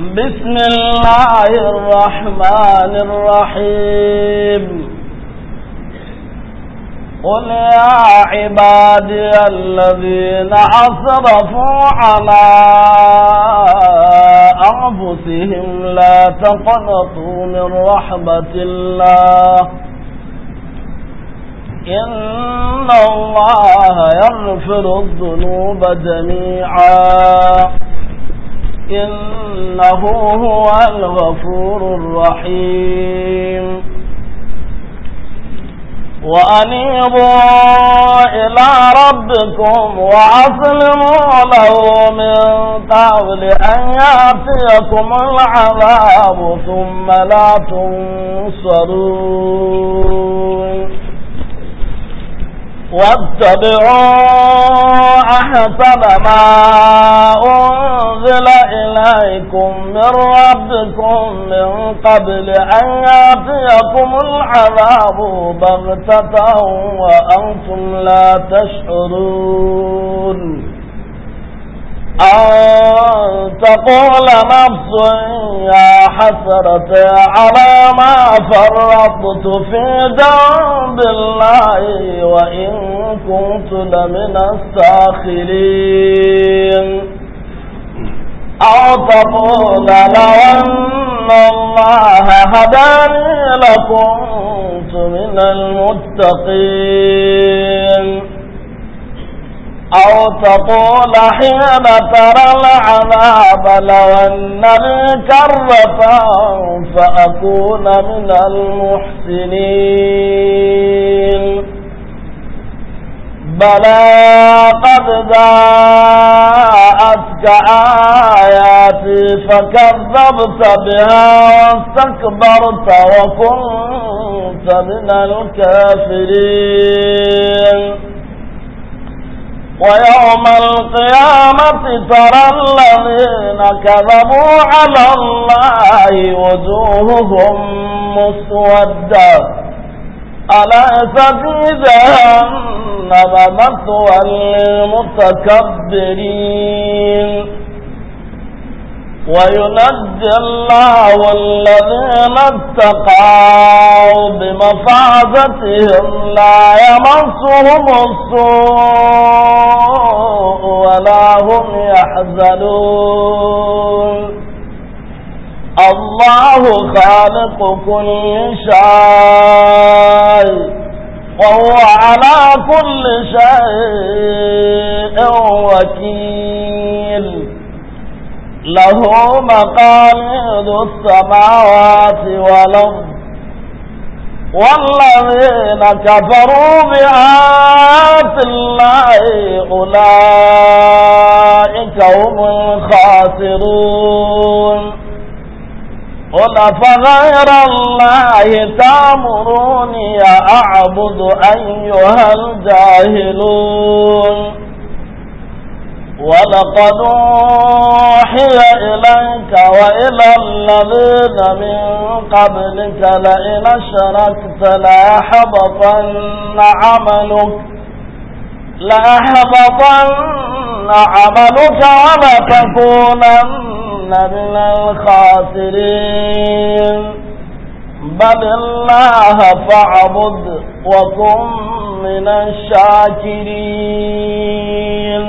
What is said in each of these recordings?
بسم الله الرحمن الرحيم قل يا عبادي الذين أصرفوا على أنفسهم لا تقنطوا من رحمة الله إن الله يغفر الذنوب جميعا إنه هو الغفور الرحيم وأنيبوا إلى ربكم وأسلموا له من قبل أن يأتيكم العذاب ثم لا تنصرون واتبعوا أحسن ما أنزل إليكم من ربكم من قبل أن يأتيكم العذاب بغتة وأنتم لا تشعرون أن تقول نفس يا حسرة على ما فرطت في ذنب الله وإن كنت لمن الساخرين أو تقول لو أن الله هداني لكنت من المتقين أو تقول حين ترى العذاب لو أن الكرة كرة فأكون من المحسنين بلى قد جاءتك آياتي فكذبت بها واستكبرت وكنت من الكافرين ويوم القيامة ترى الذين كذبوا على الله وجوههم مسودة أليس في جهنم مثوى للمتكبرين وينجي الله والذين اتقوا بمفازتهم لا يمسهم السوء ولا هم يحزنون الله خالق كل شيء وهو على كل شيء وكيل له مقاليد السماوات والأرض والذين كفروا بآيات الله أولئك هم الخاسرون قل فغير الله تامروني أعبد أيها الجاهلون ولقد أوحي إليك وإلى الذين من قبلك لئن أشركت لأحبطن عملك لأحبطن عملك ولتكونن من الخاسرين بل الله فاعبد وكن من الشاكرين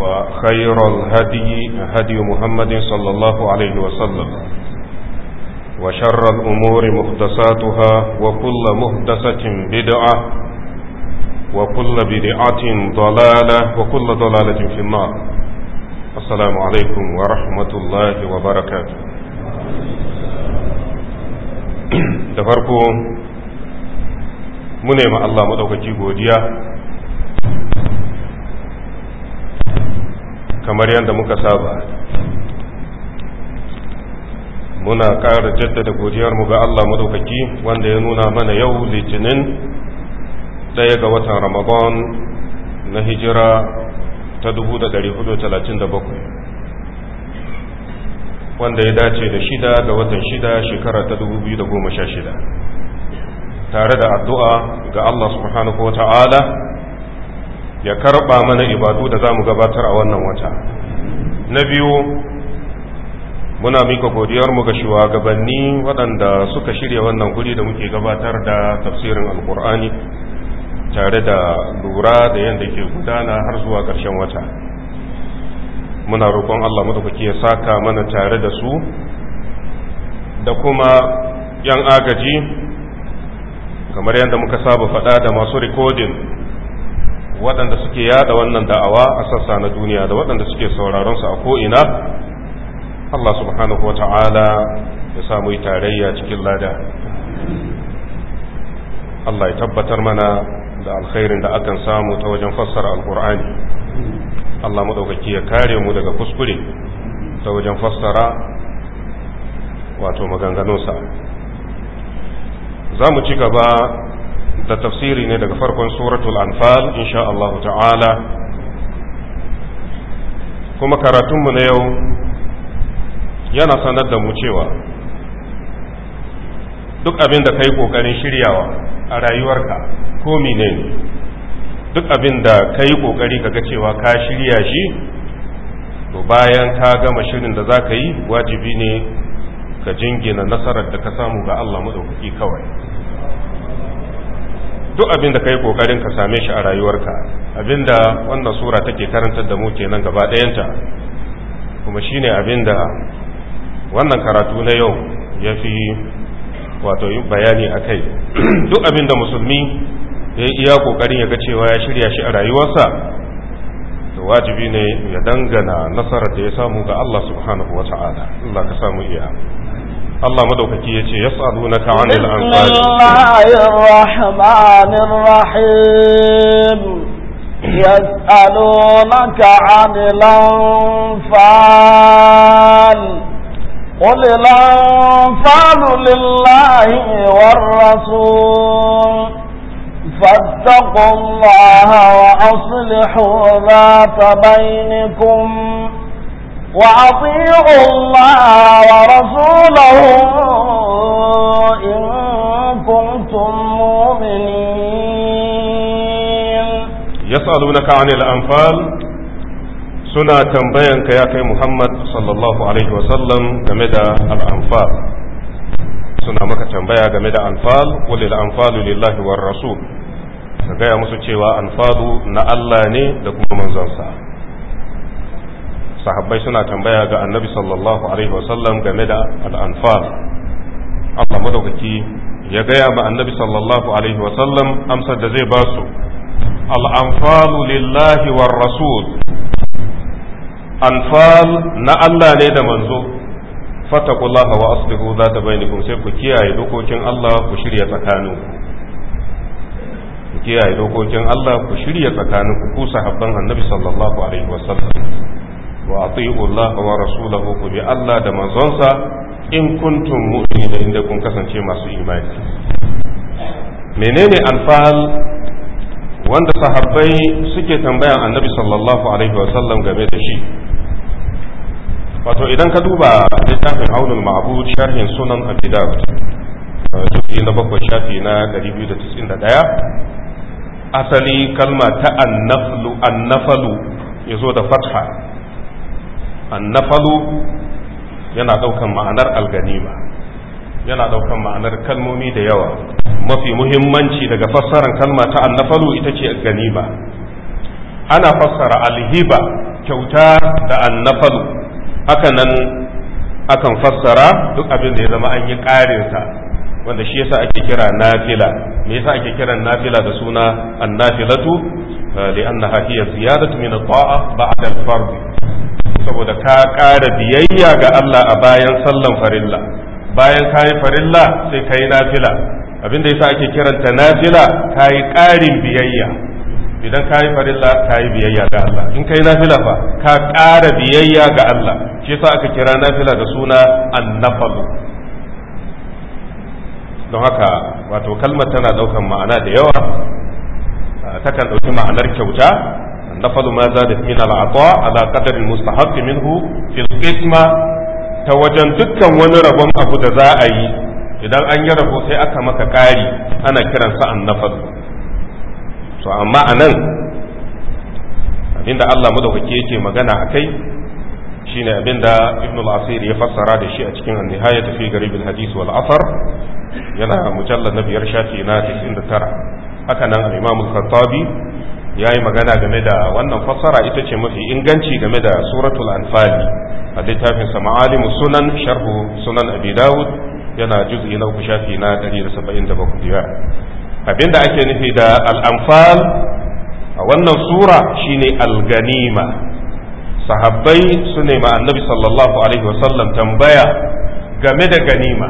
وخير الهدي هدي محمد صلى الله عليه وسلم وشر الأمور مهدساتها وكل مهدسة بدعة وكل بدعة ضلالة وكل ضلالة في النار السلام عليكم ورحمة الله وبركاته da من الله مدوك Allah kamar yadda muka saba muna ƙara jaddada godiyarmu ga Allah madaukaki wanda ya nuna mana yau litinin ɗaya ga watan ramadan na hijira ta 1437 wanda ya dace da shida ga watan shida shekara ta dubu goma sha tare da addu'a ga Allah subhanahu wa ta'ala ya karba mana ibadu da za mu gabatar a wannan wata na biyu muna mika godiyarmu ga shugabanni waɗanda suka shirya wannan guri da muke gabatar da tafsirin alkur'ani tare da lura da yadda ke gudana har zuwa ƙarshen wata muna roƙon allah madaukaki ya saka mana tare da su da kuma 'yan agaji kamar yadda muka saba faɗa da masu rikodin waɗanda suke yada wannan da'awa a sassa na duniya da waɗanda suke sauraron su a ko'ina Allah subhanahu wata'ala ya samu yi tarayya cikin lada Allah ya tabbatar mana da alkhairin da akan samu ta wajen fassara alkur'ani Allah maɗaukaki ya kare mu daga kuskure ta wajen fassara wato maganganunsa za mu ci gaba da tafsiri ne daga farkon suratul anfal insha Allah ta'ala kuma karatunmu na yau yana sanar da mu cewa duk abin da ka yi shiryawa a rayuwarka ko ne duk abin da ka yi ƙoƙari ka ga cewa ka shirya shi to bayan ka gama shirin da za ka yi wajibi ne ka jingina nasarar da ka samu ga Allah maɗaukaki kawai duk abin da kai kokarin ka same shi a rayuwarka abinda wannan sura take karantar da mu kenan gaba ɗayanta kuma shine abinda wannan karatu na yau ya fi wato bayani a kai duk abinda musulmi ya iya kokarin ya ga cewa ya shirya shi a rayuwarsa to wajibi ne ya dangana nasarar da ya samu ga Allah subhanahu wa ta'ala Allah ka samu iya الله مدوكي يتي يسألونك عن الأنفال بسم الله الرحمن الرحيم يسألونك عن الأنفال قل الأنفال لله والرسول فاتقوا الله وأصلحوا ذات بينكم وأطيعوا الله ورسوله إن كنتم مؤمنين يسألونك عن الأنفال suna tambayanka ya kai Muhammad sallallahu Alaihi wasallam game da suna maka tambaya game da anfal walil anfalu lillahi war rasul ka gaya musu cewa anfalu na Allah ne da kuma manzansa sahabbai suna tambaya ga annabi sallallahu alaihi wasallam game da al'anfal Allah madaukaki ya gaya ma annabi sallallahu alaihi wasallam amsar da zai ba su al'anfalu lillahi war rasul anfal na Allah ne da manzo fattakullaha wa aslihu za ta bainikum sai ku kiyaye dokokin Allah ku shirya tsakaninku ku kiyaye dokokin Allah ku shirya tsakaninku ku sahabban annabi sallallahu alaihi wasallam wa ati'u Allah wa rasulahu ku bi Allah da manzonsa in kuntum mu'minin inda kun kasance masu imani menene anfal wanda sahabbai suke tambayan annabi sallallahu alaihi wa sallam game da shi wato idan ka duba littafin aunul ma'bud sharhin sunan abi dawud tuki na bakwai shafi na 291 asali kalma ta annafalu annafalu yazo da fatha annafalu yana daukan ma'anar alganima yana daukan ma'anar kalmomi da yawa mafi muhimmanci daga fassarar kalma ta annafalu ita ce ganima ana fassara alhiba kyauta da annafalu haka nan akan fassara duk abin da ya zama an yi ƙarinsa wanda shi yasa ake kira nafila me yasa ake kiran nafila da suna annafilatu li'annaha hiya ziyadatu min at-ta'a ba'da al-fard saboda ka ƙara biyayya ga Allah a bayan sallan farilla bayan ka yi farilla sai ka yi nafila abinda yasa ake kiranta nafila ka yi ƙarin biyayya idan ka yi farilla ka yi biyayya ga Allah in ka yi nafila fa ka ƙara biyayya ga Allah shi yasa aka kira nafila da suna annafalu don haka wato kalmar tana ɗaukan ma'ana da yawa ah, takan ɗauki ma'anar kyauta نفذ ما زادت من العطاء على قدر المستحق منه في القسمة توجن دكا ونربم أبو دزائي إذا أن يربو سيأكا مكاكاري أنا كرا سأن نفذ to amma a nan abinda Allah madaukake yake magana a kai shine abinda Ibn al-Asir ya fassara da shi a cikin an-nihaya fi garib al-hadis wal athar yana mujallad na biyar shafi na 99 haka ya yi magana game da wannan fassara ita ce mafi inganci game da suratul anfali a littafin sa ma'alimu sunan sharhu sunan abi dawud yana juz'i na uku shafi na 177 abinda ake nufi da al-anfal a wannan sura shine al-ganima sahabbai su ne ma annabi sallallahu alaihi wasallam tambaya game da ganima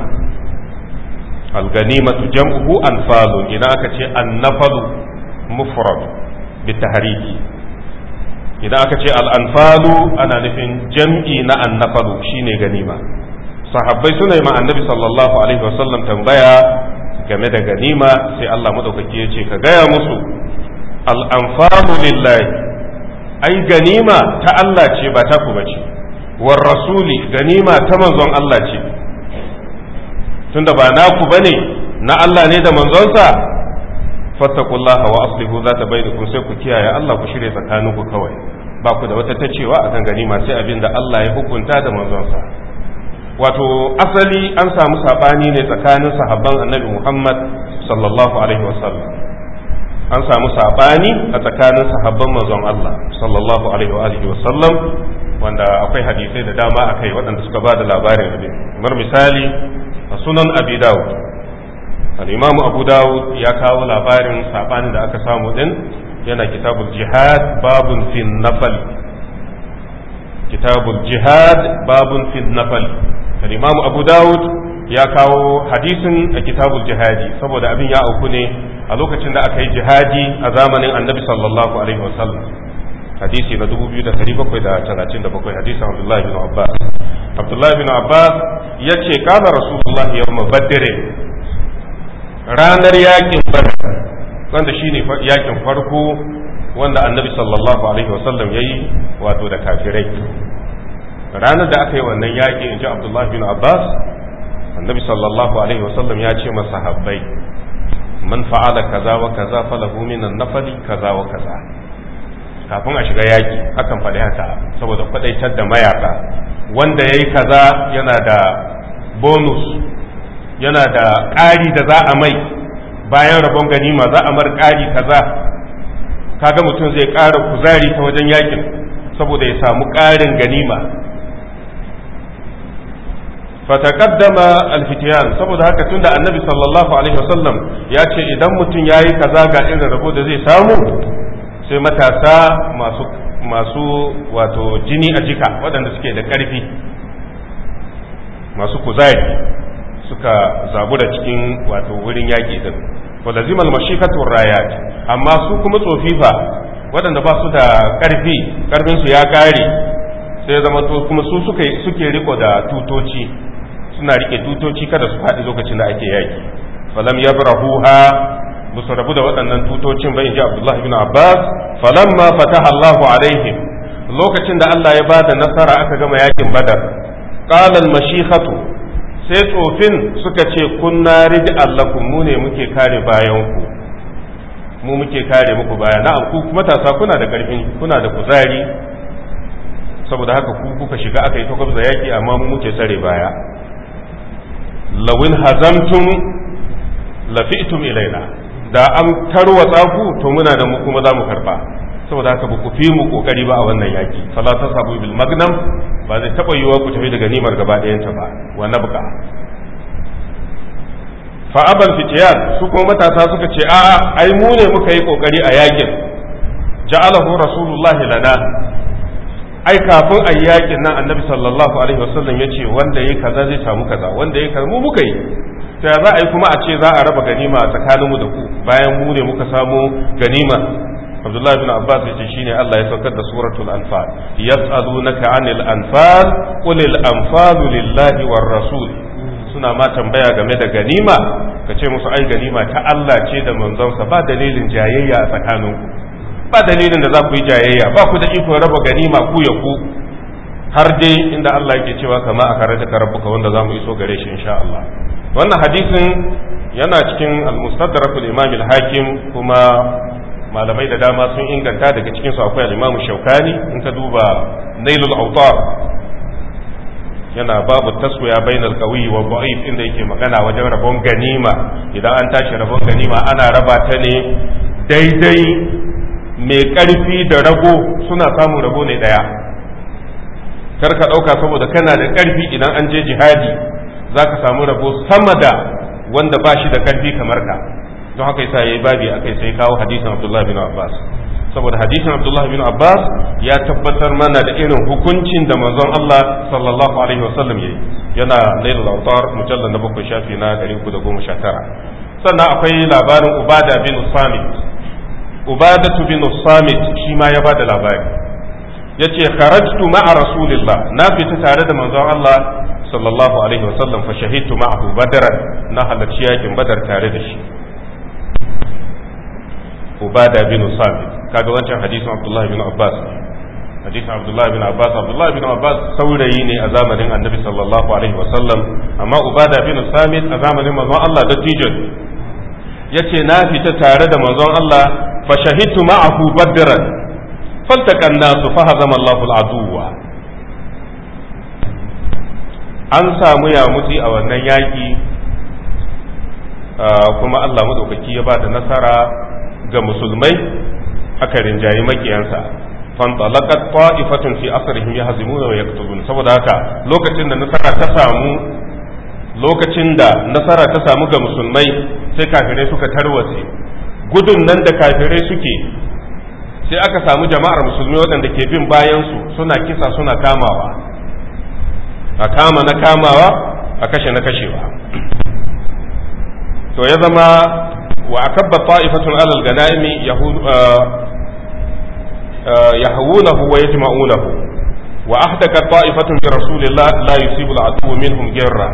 al tu jam'u anfalun ina aka ce annafalu nafalu mufrad bitahriki idan aka ce al'anfalu ana nufin jam'i na annafalu shine ganima sahabbai suna yi ma annabi sallallahu alaihi wasallam tambaya game da ganima sai Allah maɗaukaki ya ce ka gaya musu al'anfalu lillahi ai ganima ta Allah ce ba ta kuma ce war rasuli ganima ta manzon Allah ce tunda ba naku bane na Allah ne da manzonsa fattaqullaha wa aslihu zata bainakum sai ku kiyaye Allah ku shirya tsakaninku kawai ba ku da wata tacewa akan gani masu abin da Allah ya hukunta da manzonsa wato asali an samu sabani ne tsakanin sahabban Annabi Muhammad sallallahu alaihi wasallam an samu sabani a tsakanin sahabban manzon Allah sallallahu alaihi wa wasallam wanda akwai hadisai da dama akai waɗanda suka ba da labarin abin kamar misali a sunan Abi Dawud al-imamu abu dawud ya kawo labarin sabanin da aka samu din yana kitabul jihad babun fi nafal kitabul jihad babun fi nafal al-imamu abu dawud ya kawo hadisin a kitabul jihadi saboda abin ya auku ne a lokacin da aka yi jihadi a zamanin annabi sallallahu alaihi wasallam hadisi na 2737 hadisin abdullahi bin abbas abdullahi bin abbas ya ce kana rasulullahi yawma badr ranar yakin badar wanda shine yakin farko wanda annabi sallallahu alaihi wasallam yayi wato da kafirai ranar da aka yi wannan yakin in ji abdullahi bin abbas annabi sallallahu alaihi wasallam ya ce masa habbai man fa'ala kaza wa kaza falahu minan nafali kaza wa kaza kafin a shiga yaki akan faɗi haka saboda kwadaitar da mayaka wanda yayi kaza yana da bonus yana da ƙari da za a mai bayan rabon ganima za a mar ƙari kaza kaga mutum zai ƙara kuzari ta wajen yakin saboda ya samu ƙarin ganima fataqaddama alfitiyan saboda haka tunda annabi sallallahu alaihi wasallam ya ce idan mutum yayi kaza ga irin rabo da zai samu sai matasa masu masu wato jini a jika waɗanda suke da ƙarfi masu kuzari suka zabu da cikin wato wurin yaƙi din to lazimal mashikatu rayat amma su kuma tsofifa waɗanda ba su da ƙarfi ƙarfin su ya ƙare sai zama to kuma su suka suke riko da tutoci suna rike tutoci kada su faɗi lokacin da ake yaƙi falam yabrahuha ba musu rabu da waɗannan tutocin bai in ji Abdullahi bin Abbas falamma fataha Allahu alaihim lokacin da Allah ya ba da nasara aka gama yakin Badar qala al mashikatu sai tsofin suka ce kunna rid allakum mu ne muke kare bayan mu muke kare muku baya na ku matasa kuna da karfin kuna da kuzari saboda haka ku kuka shiga aka yi takwabza yaki amma mu muke tsare baya lawin hazamtum lafi'tum ilaina da an tarwatsa ku to muna da mu kuma za mu karba saboda haka ba ku fi mu kokari ba a wannan yaki fala sabu bil magnam ba zai taba yiwa ku tafi da ganimar gaba ɗayan ta ba wa nabka fa abal fitiyan su kuma matasa suka ce a'a ai mu ne muka yi kokari a yakin ja'alahu rasulullahi lana ai kafin a yakin nan annabi sallallahu alaihi wasallam ya ce wanda ya kaza zai samu kaza wanda ya kaza mu muka yi ta za a yi kuma a ce za a raba ganima tsakaninmu da ku bayan mu ne muka samu ganima abdullahi bin abbas yace shine Allah ya saukar da suratul anfal yas'alunaka anil anfal qul al anfalu lillahi war rasul suna ma tambaya game da ganima ka ce musu ai ganima ta Allah ce da manzonsa ba dalilin jayayya a tsakaninku ba dalilin da za ku yi jayayya ba ku da ikon raba ganima ku ya ku har dai inda Allah yake cewa kama a kare ka rabbuka wanda za mu iso gare shi insha Allah wannan hadisin yana cikin al-mustadrak al-imam al-hakim kuma malamai da dama sun inganta daga cikinsu akwai al shaukani in ka duba nailul autar yana babu taswiya bainal qawi wa da'if inda yake magana wajen rabon ganima idan an tashi rabon ganima ana raba ta ne daidai mai karfi da rago suna samun rago ne ɗaya. kar ka dauka saboda kana da karfi idan an je jihadi zaka samu rago sama da wanda ba shi da karfi kamar ka don haka yasa yayi babi akai sai kawo hadisin Abdullah bin Abbas saboda hadisin Abdullah bin Abbas ya tabbatar mana da irin hukuncin da manzon Allah sallallahu alaihi wasallam yayi yana Lailul Awtar mujallal na bakwai shafi na 319 sannan akwai labarin Ubada bin Samit Ubada bin Samit shi ma ya bada labari yace kharajtu ma'a rasulillah na fita tare da manzon Allah sallallahu alaihi wasallam fa shahidtu ma'ahu badran na halarci yakin badar tare da shi ubada bin samit kaga wancan hadisin abdullahi bin abbas hadisin abdullahi bin abbas abdullahi bin abbas saurayi ne a zamanin annabi sallallahu alaihi wasallam amma ubada bin samit a zamanin manzon Allah dattijo ce na fita tare da manzon Allah fa shahidtu ma'ahu badran faltaqa an-nasu an samu yamutsi a wannan yaƙi ah, kuma Allah madaukaki ya ba da nasara ga musulmai aka rinjayi makiyansa fantalaqat ta'ifatun fi asrihim yahzimuna wa saboda haka lokacin da nasara ta samu lokacin da nasara ta samu ga musulmai sai kafirai suka tarwatse gudun nan da kafirai suke sai aka samu jama'ar musulmi waɗanda ke bin bayan su suna kisa suna kamawa a kama na kamawa a kashe na kashewa to ya zama wa akabba ta'ifatun alal ganaimi uh, uh, yahawunahu wa yajma'unahu wa ahdaka ta'ifatun bi rasulillah la yusibu al'adu minhum jarra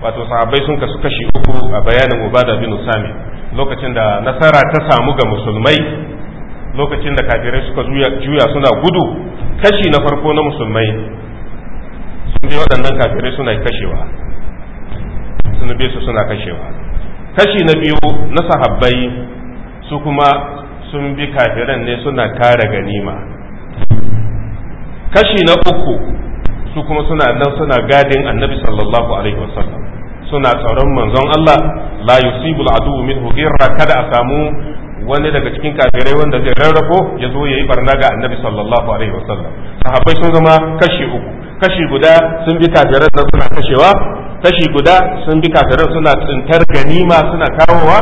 wato sahabbai sun kasu kashi uku a bayanin ubada bin usami lokacin da nasara ta samu ga musulmai lokacin da kafirai suka juya suna gudu kashi na farko na musulmai sun bi waɗannan kafirai suna kashewa sun bi su suna kashewa kashi na biyu na sahabbai su kuma sun bi kafiran ne suna kare ganima kashi na uku su kuma suna nan suna gadin annabi sallallahu alaihi wasallam suna tsaron manzon Allah la yusibul adu minhu ghirra kada a samu wani daga cikin kafirai wanda zai rarrafo ya zo yayi barna ga annabi sallallahu alaihi wasallam sahabbai sun zama kashi uku kashi guda sun bi kafirai nan suna kashewa kashi guda sun bi kafirin suna tsintar ganima suna kawowa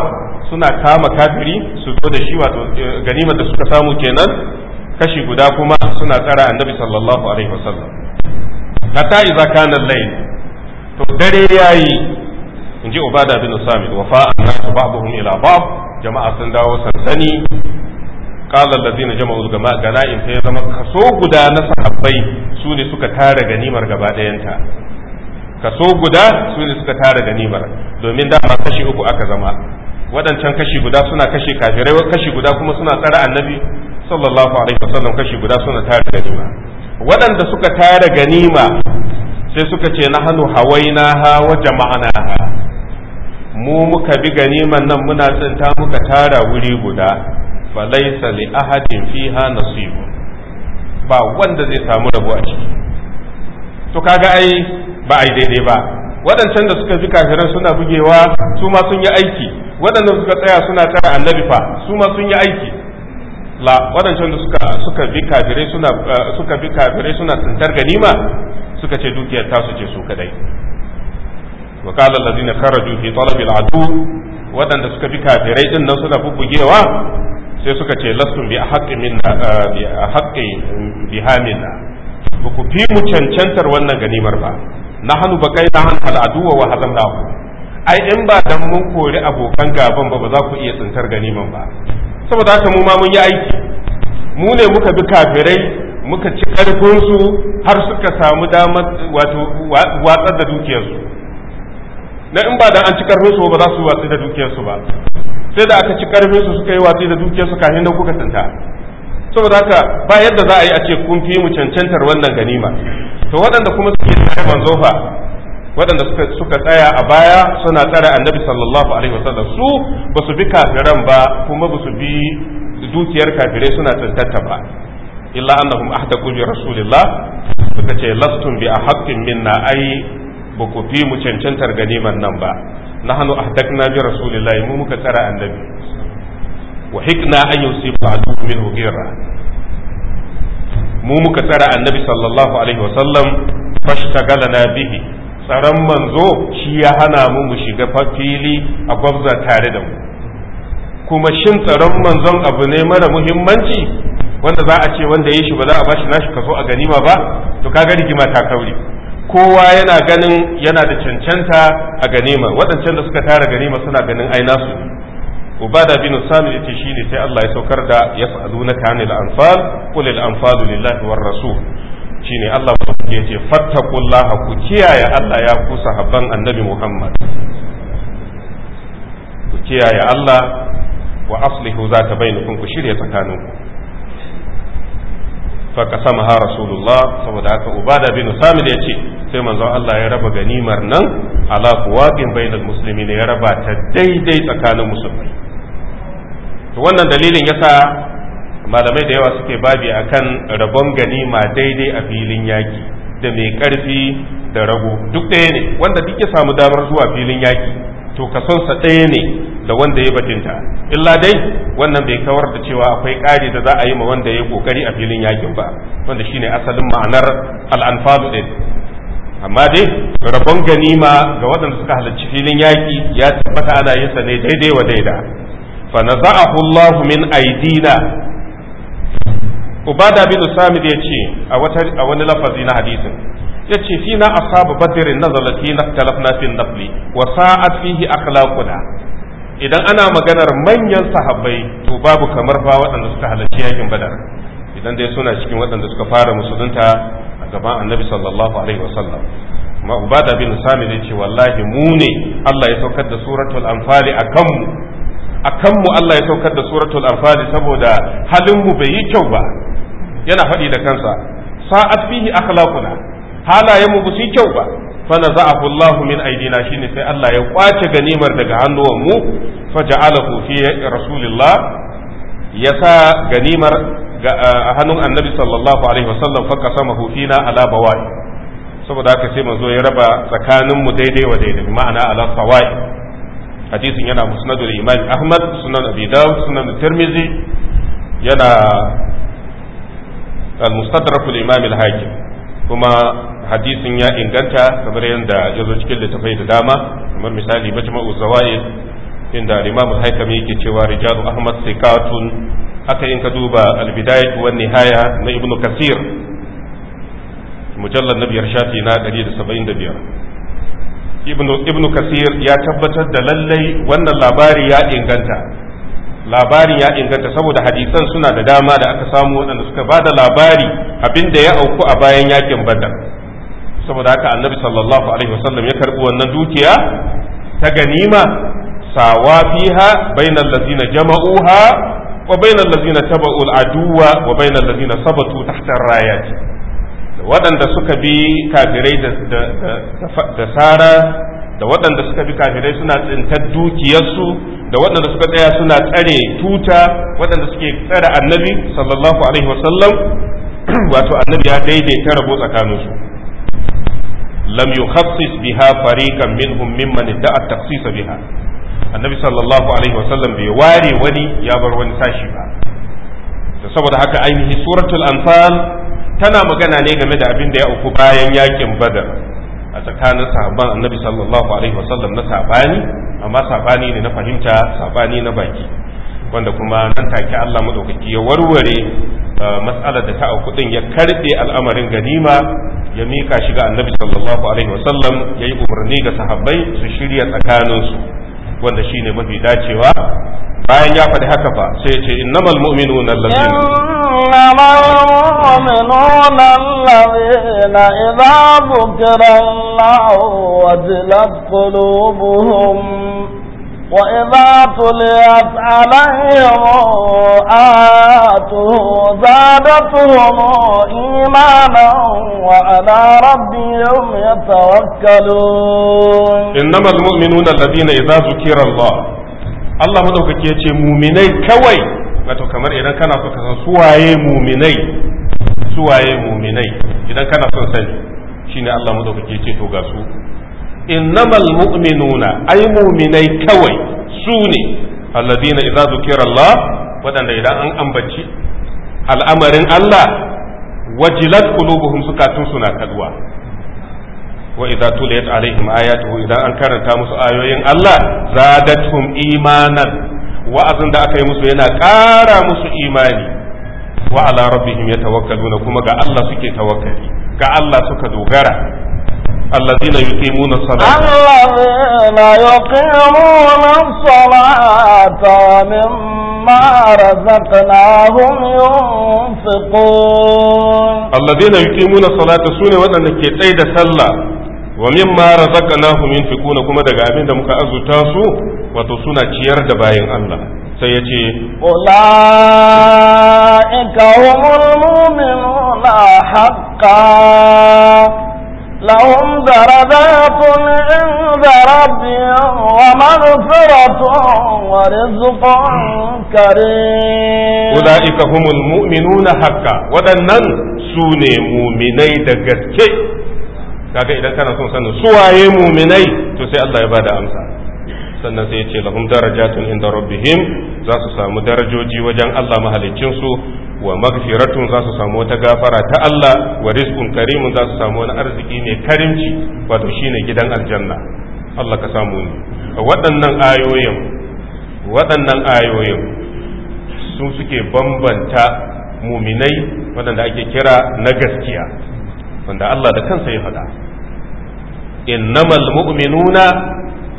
suna kama kafiri su zo da shi wato eh, ganimar da suka samu kenan kashi guda kuma suna tsara annabi sallallahu alaihi wasallam hatta idza kana al-layl to dare yayi inji ubada bin samit wa fa'a nasu ba'dhum ila ba'd jama'a sun dawo sansani qala alladhina jama'u al ganaim ya zama kaso guda na sahabbai su ne suka tara ganimar gaba dayanta kaso guda su ne suka tara ganimar domin dama kashi uku aka zama waɗancan kashi guda suna kashe kafirai kashi guda kuma suna tsara annabi sallallahu alaihi wasallam kashi guda suna tara ganima waɗanda suka tara ganima sai suka ce na hannu hawaina ha wa jama'ana ha mu muka bi ganiman nan muna tsinta muka tara wuri guda fa laysa li ahadin fiha nasibu ba wanda zai samu rabo a ciki to kaga ai ba ai daidai ba waɗancan da suka ji kafiran suna bugewa su ma sun yi aiki waɗanda suka tsaya suna tsaya annabi fa su ma sun yi aiki la waɗancan da suka suka bi kafirai suna eh, suka bi kafirai suna tsantar ganima suka ce dukiyar ta su ce su kadai wa qala allazina kharaju fi talabi al-adu waɗanda suka bi kafirai din nan suna bugewa sai suka ce lastum bi haqqi minna eh, bi haqqi bi minna ba ku fi mu cancantar wannan ganimar ba na hannu ba kai na hannu al'adu wa hazan nahu ai in ba dan mun kori abokan gaban ba ba za ku iya tsintar ganiman ba saboda haka mu ma mun yi aiki mu ne muka bi kafirai muka ci karfinsu har suka samu damar wato watsar da dukiyarsu na in ba da an ci karfinsu ba za su watsi da dukiyarsu ba sai da aka ci karfinsu suka yi watsi da dukiyarsu kafin da kuka tsinta saboda haka ba yadda za a yi a ce kun fi mu cancantar wannan ganima to waɗanda kuma suke tsaya manzo fa waɗanda suka tsaya a baya suna tsare annabi sallallahu alaihi wasallam su ba su bi kafiran ba kuma ba su bi dukiyar kafirai suna tsantarta ba illa annahum ahdaqu bi rasulillah suka ce lastum bi ahaqqin minna ai ba ku fi mu cancantar ganiman nan ba nahnu na bi rasulillah mu muka tsara annabi wa hikna an yusifa adu min ghira mu muka tsara annabi sallallahu alaihi wasallam fashtagalana bihi tsaron manzo shi ya hana mu mu shiga fili a gwabza tare da mu kuma shin tsaron manzon abu ne mara muhimmanci wanda za a ce wanda ya shi ba za a bashi nashi kaso a ganima ba to kaga rigima ta kauri kowa yana ganin yana da cancanta a ganima waɗancan da suka tara ganima suna ganin ai nasu ubada bin sami yace shine sai Allah ya saukar da yas'alunaka anil anfal qul al anfalu lillahi war rasul shine Allah ya ce fattaqullaha ku kiyaye Allah ya ku sahabban annabi Muhammad ku kiyaye Allah wa aslihu zata bainakum ku shirya tsakaninku fa kasamaha rasulullah saboda haka ubada bin samid ya ce sai manzon Allah ya raba ganimar nan ala kuwaqin musulmi muslimin ya raba ta daidai tsakanin musulmi. to wannan dalilin yasa malamai da yawa suke babi akan rabon ma daidai a filin yaki da mai karfi da rago duk ɗaya ne wanda duk ya samu damar zuwa filin yaki to ka sa ɗaya ne da wanda ya batinta illa dai wannan bai kawar da cewa akwai ƙari da za a yi ma wanda ya kokari a filin yakin ba wanda shine asalin ma'anar al'anfalu ɗin amma dai rabon ganima ga waɗanda suka halarci filin yaki ya tabbata ana yin sa ne daidai wa daida fa naza'ahu Allah min aidina ubada bin samid yace a wata a wani lafazi na hadisin yace fina ashabu badrin nazalati naktalafna fi nafli wa sa'at fihi akhlaquna idan ana maganar manyan sahabbai to babu kamar fa waɗanda suka halarci yakin badar idan dai suna cikin waɗanda suka fara musulunta a gaban annabi sallallahu alaihi wasallam ma ubada bin sami ne ce wallahi mu ne Allah ya saukar da suratul anfali a kanmu a kanmu Allah ya saukar da suratul alfali saboda halinmu bai yi kyau ba yana faɗi da kansa sa'at fihi akhlaquna halayenmu ba su yi kyau ba fa a Allah min aidina shine sai Allah ya kwace ganimar daga mu. fa ja'alahu fi rasulillah ya sa ganimar a hannun annabi sallallahu alaihi wasallam fa qasamahu fina ala bawai saboda haka sai manzo ya raba tsakaninmu daidai wa daidai ma'ana ala sawai hadisin yana musnadul imam ahmad sunan abi sunan tirmizi yana al-mustadrak al-imam al-hakim kuma hadisin ya inganta kamar yadda ya zo cikin littafai da dama kamar misali majma'u zawaid inda al-imam al-hakim yake cewa rijalu ahmad sikatun haka in ka duba al-bidayah wa nihaya na ibnu kasir mujallad na biyar shafi na biyar. ibnu kasir ya tabbatar da lallai wannan labari ya inganta labarin ya inganta saboda hadisan suna da dama da aka samu waɗanda suka ba da labari abinda ya auku a bayan yakin badar saboda haka annabi sallallahu alaihi wasallam ya karɓi wannan dukiya ta ganima sawa fiha bainal ladzina jama'uha wa bainal ladzina taba'ul aduwa wa bainal ladzina sabatu tahta rayati waɗanda suka bi kafirai da sara da waɗanda suka bi kafirai suna tsintar dukiyarsu da waɗanda suka tsaya suna tsare tuta waɗanda suke tsare annabi sallallahu alaihi wasallam wato annabi ya daidaita rabo tsakaninsu lam yukhassis biha fariqan minhum mimman da'a takhsis biha annabi sallallahu alaihi wasallam bai ware wani ya bar wani sashi ba saboda haka ainihi suratul anfal tana magana ne game da abin da ya auku bayan yakin badar a tsakanin sahabban annabi sallallahu alaihi wasallam na sabani amma sabani ne na fahimta sabani na baki wanda kuma nan take Allah madaukaki ya warware uh, mas'alar da ta auku din ya karbe al'amarin ganima ya mika shi ga annabi sallallahu alaihi wasallam yayi umarni ga sahabbai su shirya tsakaninsu wanda shine mafi dacewa bayan ya faɗi haka fa sai ce innamal mu'minuna allazina innamal mu'minuna allazina idza dhukira Allahu wajilat qulubuhum وإذا تليت عليهم آياته زادتهم إيمانا وعلى ربهم يتوكلون إنما المؤمنون الذين إذا ذكر الله Allah madaukaki ya ce muminai kawai wato kamar idan kana so ka san suwaye muminai suwaye muminai idan kana son sani shine Allah madaukaki ya ce to ga su innamal mu'minuna ay muminai kawai su ne alladina idza zukira Allah wadanda idan an ambaci al'amarin Allah wajilat qulubuhum sukatun suna kaduwa wa idza tuliyat alaihim ayatuhu idan an karanta musu ayoyin Allah zadatuhum imanan wa'azin da aka yi musu yana ƙara musu imani wa ala rabbihim yatawakkaluna kuma ga Allah suke tawakkali ga Allah suka dogara الذين يقيمون الصلاة الذين يقيمون الصلاة ومما رزقناهم ينفقون الذين يقيمون الصلاة سنة وأن كتيد سلة ومما رزقناهم ينفقون كما دقامين دمك أزو تاسو وتصنع تيار دبائن الله sai أولئك هم المؤمنون حقا لهم درجات عند ربهم ومغفرة ورزق كريم أولئك هم المؤمنون حقا ودنن سوني مؤمني دقتك kaga idan kana son sanin waye muminai to sai Allah ya bada amsa sannan sai ya ce lahum darajatun inda rabbihim za su samu darajoji wajen Allah mahalicin su wa magfiratun za su samu wata gafara ta Allah wa rizqun karimun za su samu wani arziki mai karimci wato shine gidan aljanna Allah ka samu ni waɗannan ayoyin waɗannan ayoyin su suke bambanta muminai waɗanda ake kira na gaskiya wanda Allah da kansa ya faɗa innamal mu'minuna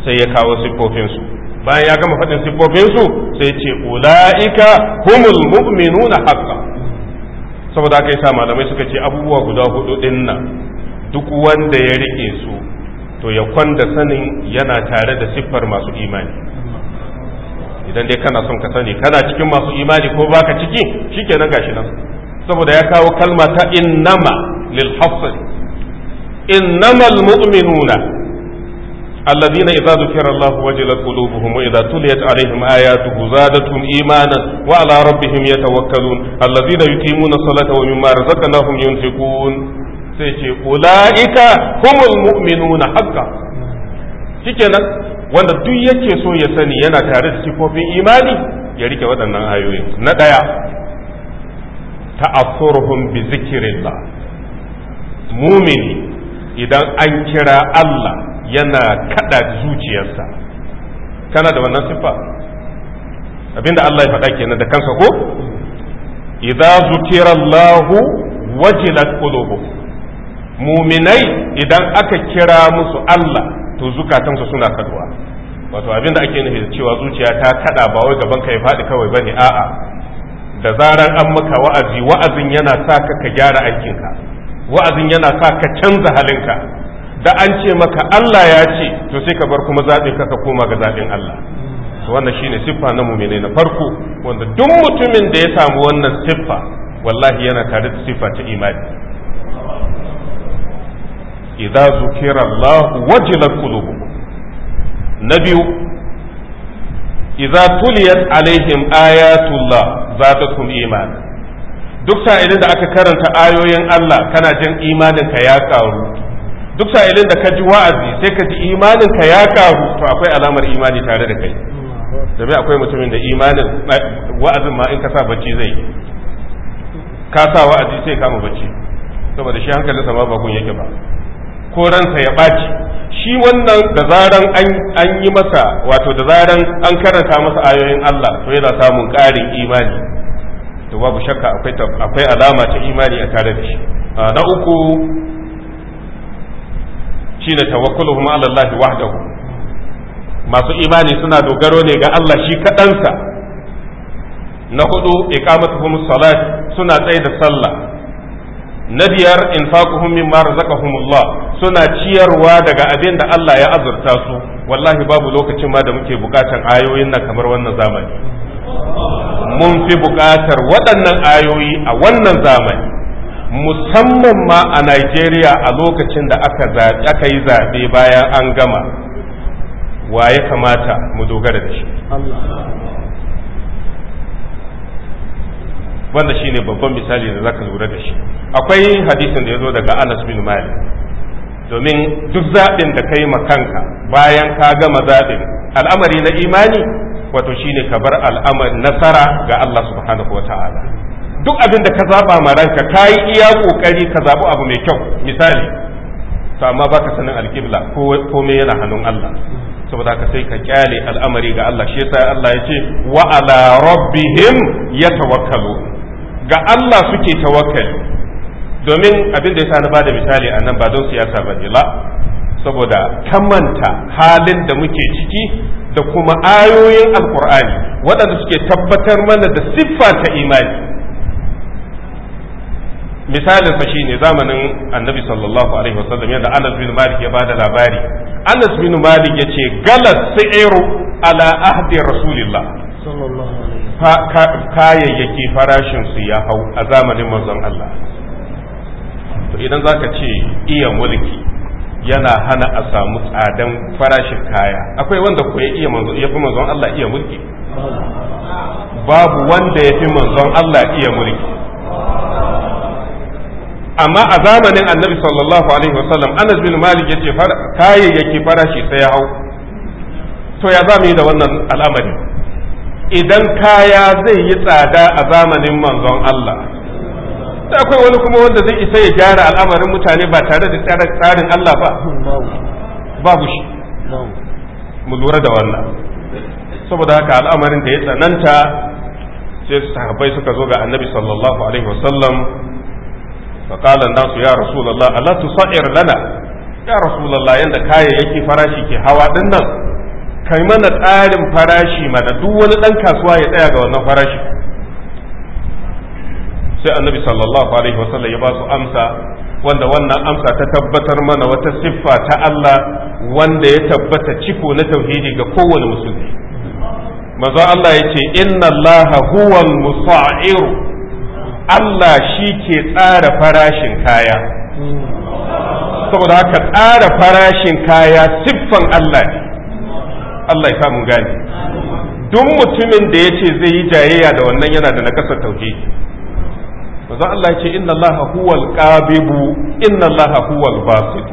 sai ya kawo siffofinsu bayan ya gama faɗin siffofinsu sai ce ula'ika humul mu'minuna haqqa saboda aka yi sa malamai suka ce abubuwa guda hudu din nan duk wanda ya riƙe su to ya kwanda sanin yana tare da siffar masu imani idan dai kana son ka sani kana cikin masu imani ko baka ciki shikenan gashi nan saboda ya kawo kalma ta innama lil hafs innama al mu'minuna الذين إذا ذكر الله وجلت قلوبهم وإذا تليت عليهم آياته زادتهم إيمانا وعلى ربهم يتوكلون الذين يقيمون الصلاة ومما رزقناهم ينفقون wanda duk yake so ya sani yana tare da sifofin imani ya rike waɗannan ayoyin na ɗaya ta'assurhum bi zikrillah mumini idan an kira Allah yana kada zuciyarsa kana da wannan siffa abinda Allah ya faɗa kenan da kansa ko idza zutira Allah wajilat qulubuhum muminai idan aka kira musu Allah to zukatansu suna kaduwa wato abinda ake nufi da cewa zuciya ta kada ba wai gaban ka ya faɗi kawai bane a'a da zaran an maka wa'azi wa'azin yana sa ka ka gyara aikinka wa'azin yana sa ka canza halinka da an ce maka Allah ya ce to sai ka bar kuma zaɓe ka koma ga zaɓin Allah wannan shine siffa na mumine na farko wanda duk mutumin da ya samu wannan siffa wallahi yana tare da siffa ta imani idza zukira Allah wajilat qulubuhum na biyu idza tuliyat alaihim ayatullah zatakum iman duk sa'ilin da aka karanta ayoyin Allah kana jin imanin ka ya karu duk sa'ilin da ka ji wa'azi sai ka ji imanin ka ya karu to akwai alamar imani tare da kai domin akwai mutumin da imanin wa'azin ma in ka sa bacci zai yi ka sa wa'azi sai kama bacci saboda shi hankalin sa ba gun yake ba ko ransa ya baci shi wannan da zaran an yi masa wato da zaran an karanta masa ayoyin Allah to yana samun ƙarin imani to babu shakka akwai alama ta imani a tare da shi ah, na uku shine tawakkuluhum ala Allah wahdahu masu imani suna dogaro ne ga Allah shi kaɗansa na hudu iqamatuhum salat suna tsaye da sallah na biyar infaquhum mimma razaqahumullah suna ciyarwa daga abin da Allah ya azurta su wallahi babu lokacin ma da muke bukatan ayoyin nan kamar wannan zamani mun fi bukatar waɗannan ayoyi a wannan zamani musamman ma a Najeriya a lokacin da aka yi zaɓe bayan an gama wa ya kamata mu dogara da shi wanda shi ne babban misali da zaka lura da shi akwai hadisin da ya zo daga anas bin malik domin duk zaɓin da ka yi kanka bayan ka gama zaɓin al'amari na imani wato shine ka bar al'amari nasara ga Allah subhanahu wa duk abin da ka zaba ma ranka ka yi iya kokari ka zabi abu mai kyau misali to amma baka sanin alƙibla me yana hannun Allah saboda ka sai ka kyale al'amari ga Allah shi yasa Allah ya ce wa ala rabbihim yatawakkalu ga Allah suke tawakkali domin abin da yasa na bada misali a ba don siyasa ba ne la saboda kamanta halin da muke ciki da kuma ayoyin alkur'ani waɗanda suke tabbatar mana da siffa ta imani misalin sa shine zamanin annabi sallallahu alaihi wasallam yadda Anas bin Malik ya bada labari Anas bin Malik ya ce galas sa'iru ala ahdi rasulillah sallallahu alaihi kayayyaki farashin su ya hau a zamanin manzon Allah to idan zaka ce iya mulki yana hana a samu tsadan farashin kaya akwai wanda ko iya manzo ya fi manzon Allah iya mulki babu wanda ya fi manzon Allah iya mulki amma a zamanin annabi sallallahu alaihi wasallam anas bin malik yace kayayyaki farashi sai ya hau to ya za yi da wannan al'amari idan kaya zai yi tsada a zamanin manzon Allah da akwai wani kuma wanda zai isa ya gyara al'amarin mutane ba tare da tsarin Allah ba babu shi mu lura da wannan saboda haka al'amarin da ya tsananta sai sahabbai suka zo ga annabi sallallahu alaihi wasallam فقال الناس يا رسول الله ألا تصعر لنا يا رسول الله يند كاية يكي فراشي كي هوا دنن كي من تآلم فراشي ما دو ولد أنك سواي تأغى ونو فراشي sai annabi sallallahu alaihi wasallam ya ba amsa wanda wannan amsa ta tabbatar mana wata siffa ta Allah wanda ya tabbata ciko na tauhidi ga kowane musulmi manzo Allah ya ce inna Allah huwal musa'iru Allah shi ke tsara farashin kaya saboda haka tsara farashin kaya siffan Allah ne Allah ya samu gani duk mutumin da ya ce zai yi jayayya da wannan yana da nakasar tauhidi manzo Allah ce inna Allah huwal qabibu inna Allah huwal basit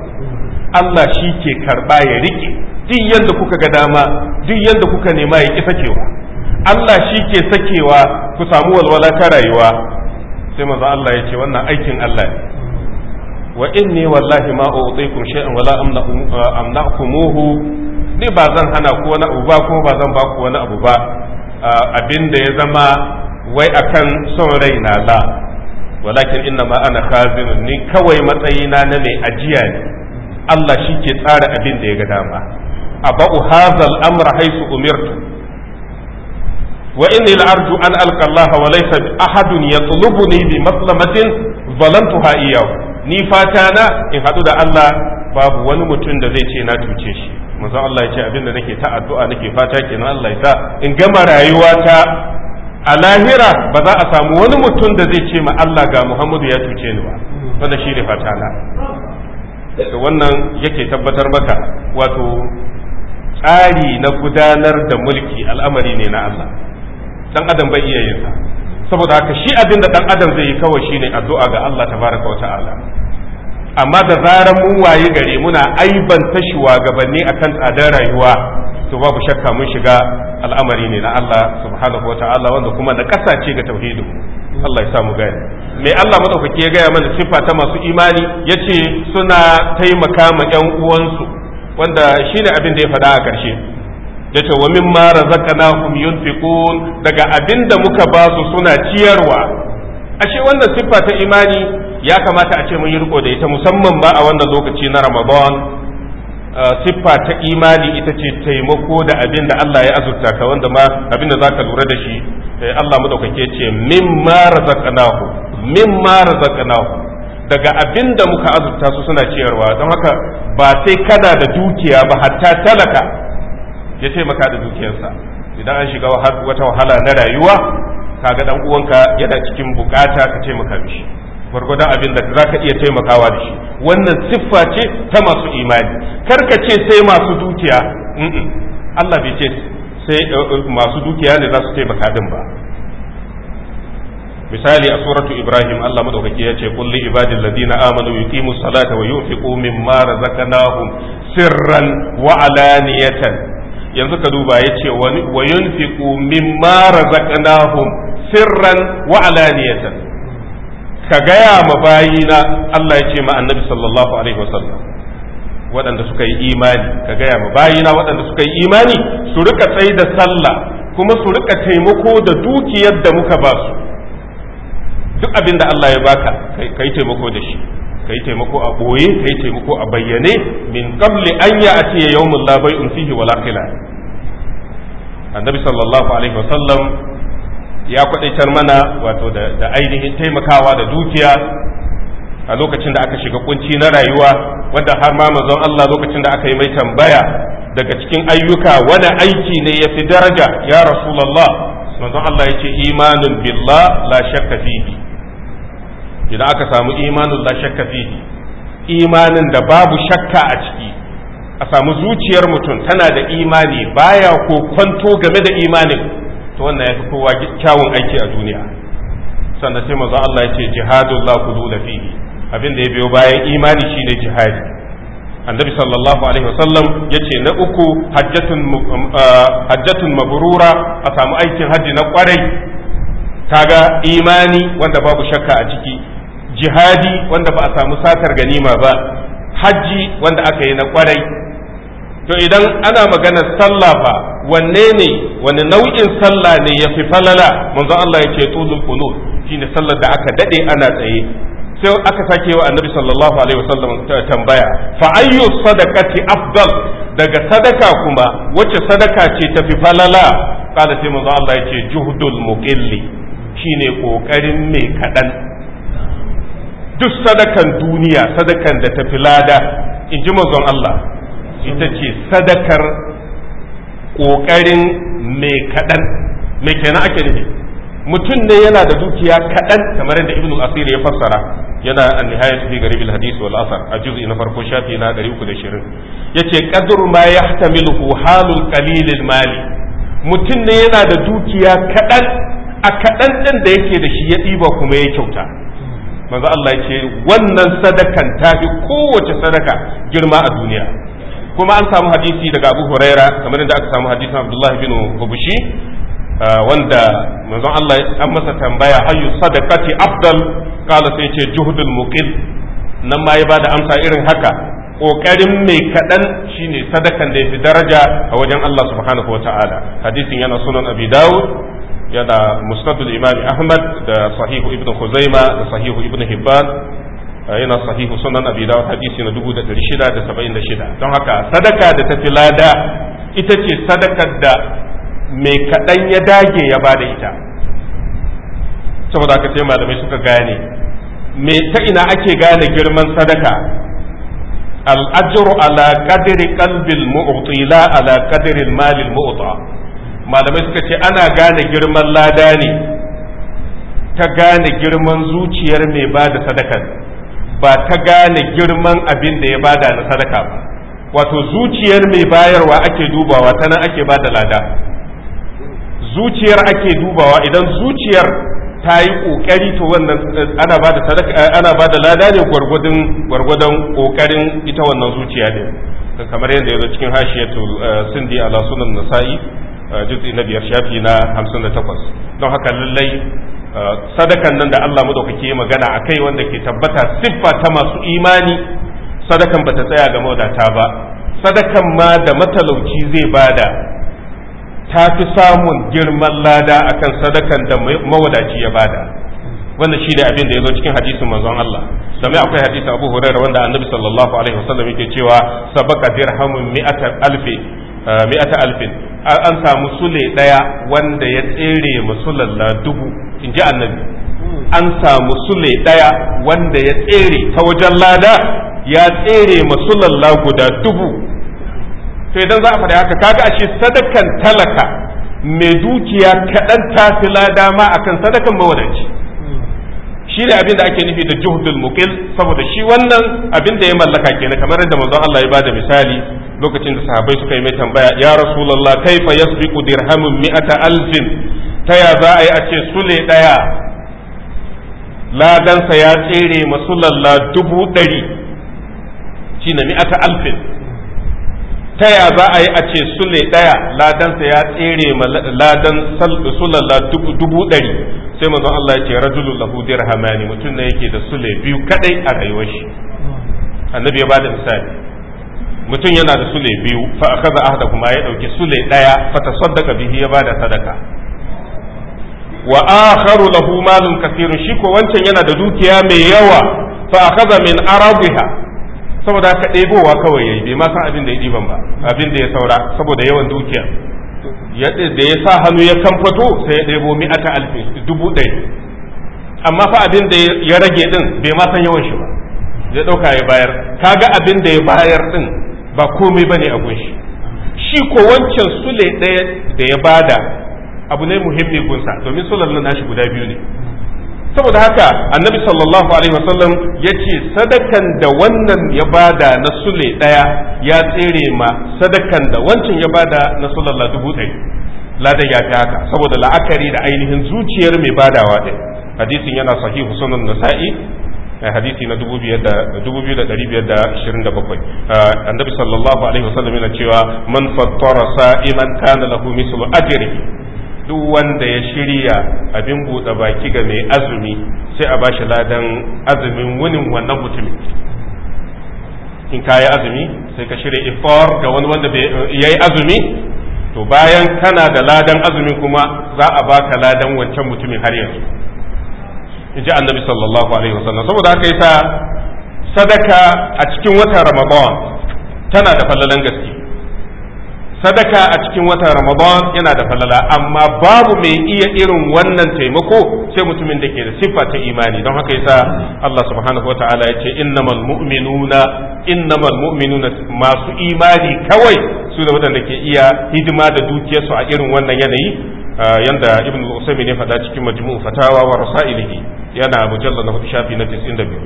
Allah shi ke karba ya rike duk yadda kuka ga dama duk yadda kuka nema ya ki sakewa Allah shi ke sakewa ku samu walwala ta rayuwa sai maza Allah ya ce wannan aikin Allah ne wa inni wallahi ma u'tikum shay'an wala uh, amna'kumuhu ni ba zan hana ku wani abu ba kuma ba zan ba ku wani abu ba uh, abinda ya zama wai akan son na la walakin inna ma ana khazinun ni kawai matsayina na mai ajiya ne Allah shi ke tsara abin da ya ga dama a ba'u hazal amra haisu umirtu an وإني لأرجو أن ألقى الله وليس أحد bi بمظلمة ظلمتها إياه ni fata na in haɗu da Allah babu wani mutum da zai ce na tuce shi manzon Allah ya ce abin da nake ta addu'a nake fata kenan Allah ya sa in gama rayuwata a lahira ba za a samu wani mutum da zai ce ma Allah ga Muhammadu ya tuce ni ba wanda shi ne fata na wannan yake tabbatar maka wato tsari na gudanar da mulki al'amari ne na Allah dan adam bai iya yin sa saboda haka shi abin da dan adam zai yi kawai shine addu'a ga Allah tabaraka wata'ala amma da zarar mun waye gare muna aiban aibanta gabanni akan tsadar rayuwa to babu shakka mun shiga al'amari ne na Allah subhanahu wata'ala wanda kuma na kasa ce ga tauhidu Allah ya samu gani mai Allah madaukake ya gaya mana sifa ta masu imani yace suna taimaka ma yan uwansu wanda shine abin da ya faɗa a ƙarshe ya ce min mimma razaqnahum yunfiqun daga abinda muka ba su suna ciyarwa ashe wannan siffa ta imani ya kamata a ce mun yi riko da ita musamman ba a wannan lokaci na Ramadan siffa ta imani ita ce taimako da abinda Allah ya azurta ka wanda ma abinda zaka lura da shi eh, Allah madaukake ce min mimma Min mimma razaqnahu daga abin da muka azurta su suna ciyarwa don haka ba sai kada da dukiya ba hatta talaka ya taimaka da dukiyarsa idan an shiga wata wahala na rayuwa kaga dan uwanka yana cikin bukata ka taimaka mishi gwargwadon abin da za ka iya taimakawa da shi wannan siffa ce ta masu imani karka ce sai masu dukiya Allah bai ce sai eh, eh, masu dukiya ne za su taimaka din ba misali a suratu ibrahim Allah madaukaki ya ce kulli ibadil ladina amanu yuqimus salata wa yunfiqu mimma razaqnahum sirran wa alaniyatan yanzu ka duba ya ce wa yunfiqu mimma razaqnahum sirran wa alaniyatan ka gaya ma bayina Allah ya ce ma annabi sallallahu alaihi wasallam waɗanda suka yi imani ka gaya ma bayina waɗanda suka yi imani su rika tsaye da sallah kuma su rika taimako da dukiyar da muka ba su duk abin da Allah ya baka kai taimako da shi yi taimako a boye kai taimako a bayyane min kabli an a yawmul la bai'un fihi wala khilal annabi sallallahu alaihi wasallam ya kwadaitar mana wato da ainihin taimakawa da dukiya a lokacin da aka shiga kunci na rayuwa wanda har ma manzon Allah lokacin da aka yi mai tambaya daga cikin ayyuka wani aiki ne ya fi daraja ya rasulallah manzon Allah ya ce imanin billah la shakka fihi idan aka samu imanin la shakka fihi imanin da babu shakka a ciki a samu zuciyar mutum tana da imani baya ko kwanto game da imanin to wannan ya fi kowa kyawun aiki a duniya sannan sai manzo Allah ya ce jihadun la kudula fihi abin da ya biyo bayan imani shine jihadi annabi sallallahu alaihi wasallam ya ce na uku hajjatun um, uh, mabrura a samu aikin hajji na kwarai kaga imani wanda babu shakka a ciki jihadi wanda ba a samu satar ganima ba hajji wanda aka yi na kwarai to idan ana magana sallah ba wanne ne wani nau'in sallah ne ya fi falala manzo Allah ya ce qunut shine sallar da aka dade ana tsaye sai aka sake wa annabi sallallahu alaihi wasallam tambaya fa ayyu sadaqati afdal daga sadaka kuma wacce sadaka ce ta fi falala kada sai manzo Allah ya ce juhdul muqilli shine kokarin mai kadan duk sadakan duniya sadakan da ta filada in ji mazon Allah ita ce sadakar ƙoƙarin mai kaɗan mai kenan ake nufi mutum ne yana da dukiya kaɗan kamar yadda ibnu asir ya fassara yana an nihayat fi garib al hadith wal asar a juz'i na farko shafi na 320 yace qadru ma yahtamilu halul qalil al mali mutum ne yana da dukiya kaɗan a kaɗan ɗin da yake da shi ya ɗiba kuma ya kyauta manzo Allah ya ce wannan sadakan ta fi kowace sadaka girma a duniya kuma an samu hadisi daga Abu Huraira kamar da aka samu hadisin Abdullah bin Ubushi uh, wanda manzo Allah an masa tambaya ayu sadaqati afdal kala sai ce juhdul muqil nan ma ya bada amsa irin haka kokarin mai kadan shine sadakan da yafi daraja a wajen Allah subhanahu wataala hadisin yana sunan Abi Dawud yana musnadul imami ahmad da sahihu ibn khuzaima da sahihu ibn hibban yana sahihu sunan abi dawud hadisi na 1676 don haka sadaka da tafi lada ita ce sadakar da mai kaɗan ya dage ya bada ita saboda haka malamai suka gane me ta ina ake gane girman sadaka al'ajru ala qadri qalbil mu'ti la ala qadri al malil mu'ta malamai suka ce ana gane girman lada ne ta gane girman zuciyar mai ba da sadakar ba ta gane girman abin da ya bada na sadaka ba wato zuciyar mai bayarwa ake dubawa ta nan ake da lada zuciyar ake dubawa idan zuciyar ta yi ƙoƙari to wannan eh, ana ba da eh, ana ba da lada ne gwargwadon gwargwadon ƙoƙarin ita wannan zuciya ne kamar yadda ya zo cikin hashiyatu eh, sindi ala sunan nasa'i juz'i na biyar shafi na hamsin da takwas don haka lallai sadakan nan da Allah madaukake magana a kai wanda ke tabbata siffa ta masu imani sadakan bata tsaya ga mawadata ba sadakan ma da matalauci zai bada ta fi samun girman lada akan sadakan da mawadaci ya bada shi shine abin da zo cikin hadisin manzon Allah domin akwai hadisin Abu Hurairah wanda Annabi sallallahu alaihi wasallam yake cewa sabaka dirhamun mi'ata alfi mi'ata alfin an samu sule ɗaya wanda ya tsere musulalla dubu in ji annabi an samu sule ɗaya wanda ya tsere ta wajen lada ya tsere musulalla guda dubu to idan za a faɗi haka kaga a shi sadakan talaka mai dukiya kaɗan ta fi lada ma akan sadakan mawadaci shi ne abin da ake nufi da juhdul mukil saboda shi wannan abin da ya mallaka kenan kamar yadda manzon Allah ya bada misali lokacin da sahabbai suka yi mai tambaya ya rasulullah kaifa yasbiqu dirhamun mi'ata alfin ta ya za a yi a ce sule daya ladansa ya tsere masulalla dubu ɗari shi na mi'ata alfin ta ya za a yi a ce sule daya ladansa ya tsere ladan sulalla dubu ɗari sai manzon Allah ya ce rajulun lahu dirhamani mutum ne yake da sule biyu kadai a rayuwar shi annabi ya bada misali mutum yana da sule biyu fa akaza ahda kuma ya dauki sule daya fa tasaddaqa bihi ya bada sadaka wa akharu lahu malun kathirun shi ko wancan yana da dukiya mai yawa fa akaza min arabiha saboda ka debowa kawai yayi bai ma san abin da ya ɗiban ba abin da ya saura saboda yawan dukiya da ya sa hannu ya kamfato sai ya ɗebo mi aka alfi dubu ɗaya amma fa abin da ya rage ɗin bai ma san yawan shi ba ya ɗauka ya bayar kaga abin da ya bayar ɗin ba komai ne a gunshi shi ko wancan sule ɗaya da ya bada abu ne muhimmi gunsa domin nan nashi guda biyu ne saboda haka annabi sallallahu alaihi wasallam ya ce sadakan da wannan ya bada na sule ɗaya ya tsere ma sadakan da wancan ya bada na la dubu ɗari ladan ya fi haka saboda la'akari da ainihin zuciyar mai badawa ɗin hadisin yana sahihu sunan nasa'i Eh, hadisi na 2527 eh, annabi sallallahu alaihi wasallam yana cewa man fattara sa'iman kana lahu mislu ajri duk wanda ya shirya abin buɗe baki ga mai azumi sai a bashi ladan azumin wunin wannan mutumin in ka yi azumi sai ka shirya ifor ga wani wanda ya yi azumi to bayan kana da ladan azumin kuma za a baka ladan wancan mutumin har yanzu in ji annabi sallallahu alaihi wasallam saboda haka yasa sadaka a cikin watan ramadan tana da fallalan gaske sadaka a cikin watan ramadan yana da falala amma babu mai iya irin wannan taimako sai mutumin da ke da siffa ta imani don haka yasa Allah subhanahu wataala ya ce innamal mu'minuna innamal mu'minuna masu imani kawai su da wadanda ke iya hidima da dukiyarsu a irin wannan yanayi ah, yanda ibn al-usaymin ya faɗa cikin majmu'u fatawa wa rasailihi yana mujallar na shafi na 92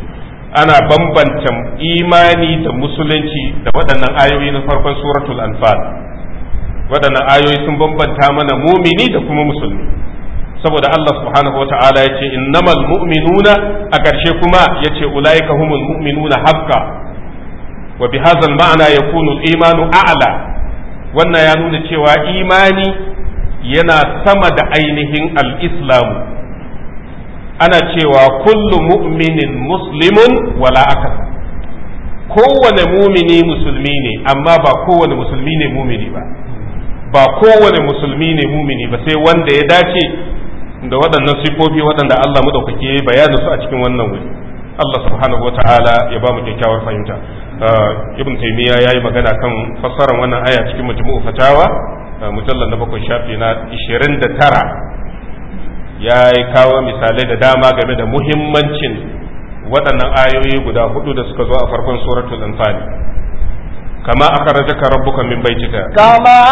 ana bambanta imani da musulunci da waɗannan ayoyi na farkon suratul anfal waɗannan ayoyi sun bambanta mana mumini da kuma musulmi saboda Allah subhanahu wa ta'ala ya ce innamal mu'minuna a ƙarshe kuma ya ce ulaika humul mu'minuna haqqa wa bi hadzal ma'ana yakunu kunu imanu a'la wannan ya nuna cewa imani yana sama da ainihin al-islamu ana cewa kullu mu'minin muslimun wala akal kowane mumini musulmi ne amma ba kowane musulmi ne mumini ba ba kowane musulmi ne mumini ba sai wanda ya dace da waɗannan sifofi waɗanda Allah madaukake bayanin su a cikin wannan wuri Allah subhanahu wata'ala ya ba mu kyakkyawar fahimta uh, ibn taymiya yayi magana kan fassarar wannan aya cikin majmu'u fatawa uh, mujallal na bakwai shafi na 29 ya yi kawo misalai da dama game da muhimmancin waɗannan ayoyi guda hudu da suka zo a farkon suratul anfal kama akhrajaka rabbuka min baytika kama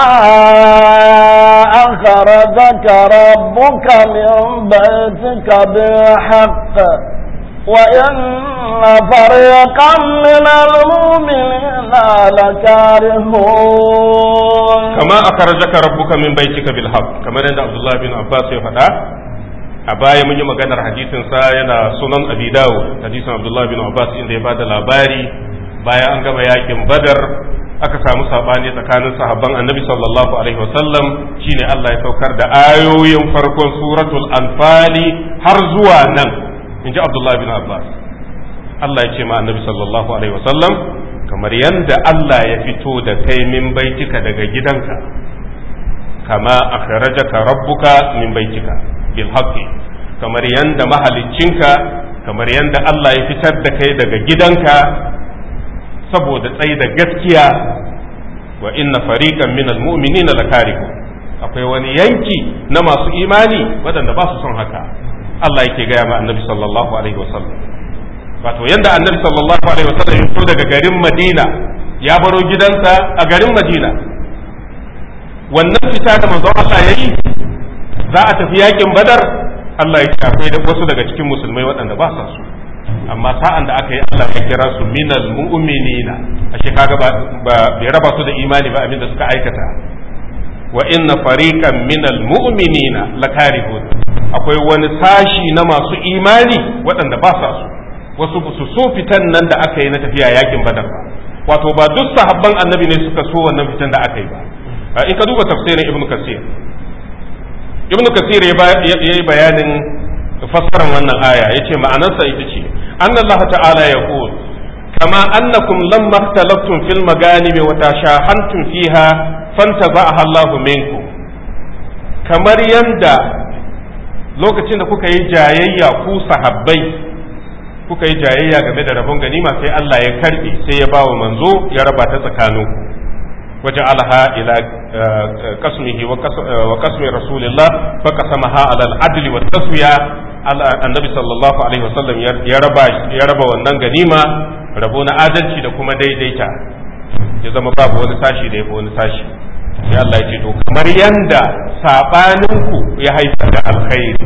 rabbuka min baytika bihaqq wa inna fariqan min al-mu'minina lakarihun kama akhrajaka rabbuka min baytika bilhaqq kamar yadda abdullahi bin abbas ya faɗa a baya mun yi maganar hadisin sa yana sunan abi dawo hadisin abdullahi bin abbas inda ya bada labari bayan an gama yakin badar aka samu sabani tsakanin sahabban annabi sallallahu alaihi wasallam shine Allah ya saukar da ayoyin farkon suratul anfali har zuwa nan inji abdullahi bin Abbas Allah ya ce ma annabi sallallahu alaihi wasallam kamar yanda Allah ya fito da kai min baitika daga gidanka kama akhrajaka rabbuka min baitika bil kamar yanda mahaliccinka kamar yanda Allah ya fitar da kai daga gidanka saboda tsayi da gaskiya wa inna fariqan minal mu'minina lakariku akwai wani yanki na masu imani waɗanda ba su son haka Allah yake gaya ma annabi sallallahu alaihi wasallam wato yanda annabi sallallahu alaihi wasallam ya fito daga garin Madina ya baro gidansa a garin Madina wannan fita da manzon Allah yayi za a tafi yakin badar Allah ya shafe da wasu daga cikin musulmai waɗanda ba sa su amma sa'an da aka yi Allah ya kira su minal mu'minina ashe kaga ba bai raba su da imani ba abinda suka aikata wa inna fariqan minal mu'minina lakarihun akwai wani sashi na masu imani waɗanda ba sa su wasu su so fitan nan da aka yi na tafiya yakin badar ba wato ba duk sahabban annabi ne suka so wannan fitan da aka yi ba in ka duba tafsirin ibnu kasir ibn kasir ya yi bayanin fassarar wannan aya ya ce ma'anarsa ita ce an Allah ta'ala ya kuwa kama annakum lam ikhtalaftum fil maganimi wa tashahantum fiha ba Allahu minkum kamar yanda lokacin da kuka yi jayayya ku sahabbai kuka yi jayayya game da rabon ganima sai Allah ya karbe sai ya bawa manzo ya raba ta tsakaninku وجعلها إلى قسمه وقسم رسول الله فقسمها على العدل والتسوية النبي صلى الله عليه وسلم يربى يربى wannan ganima rabo na adalci da kuma daidaita ya zama babu wani sashi da yafi wani sashi sai Allah ya ce to kamar yanda sabaninku ya haifar da alkhairi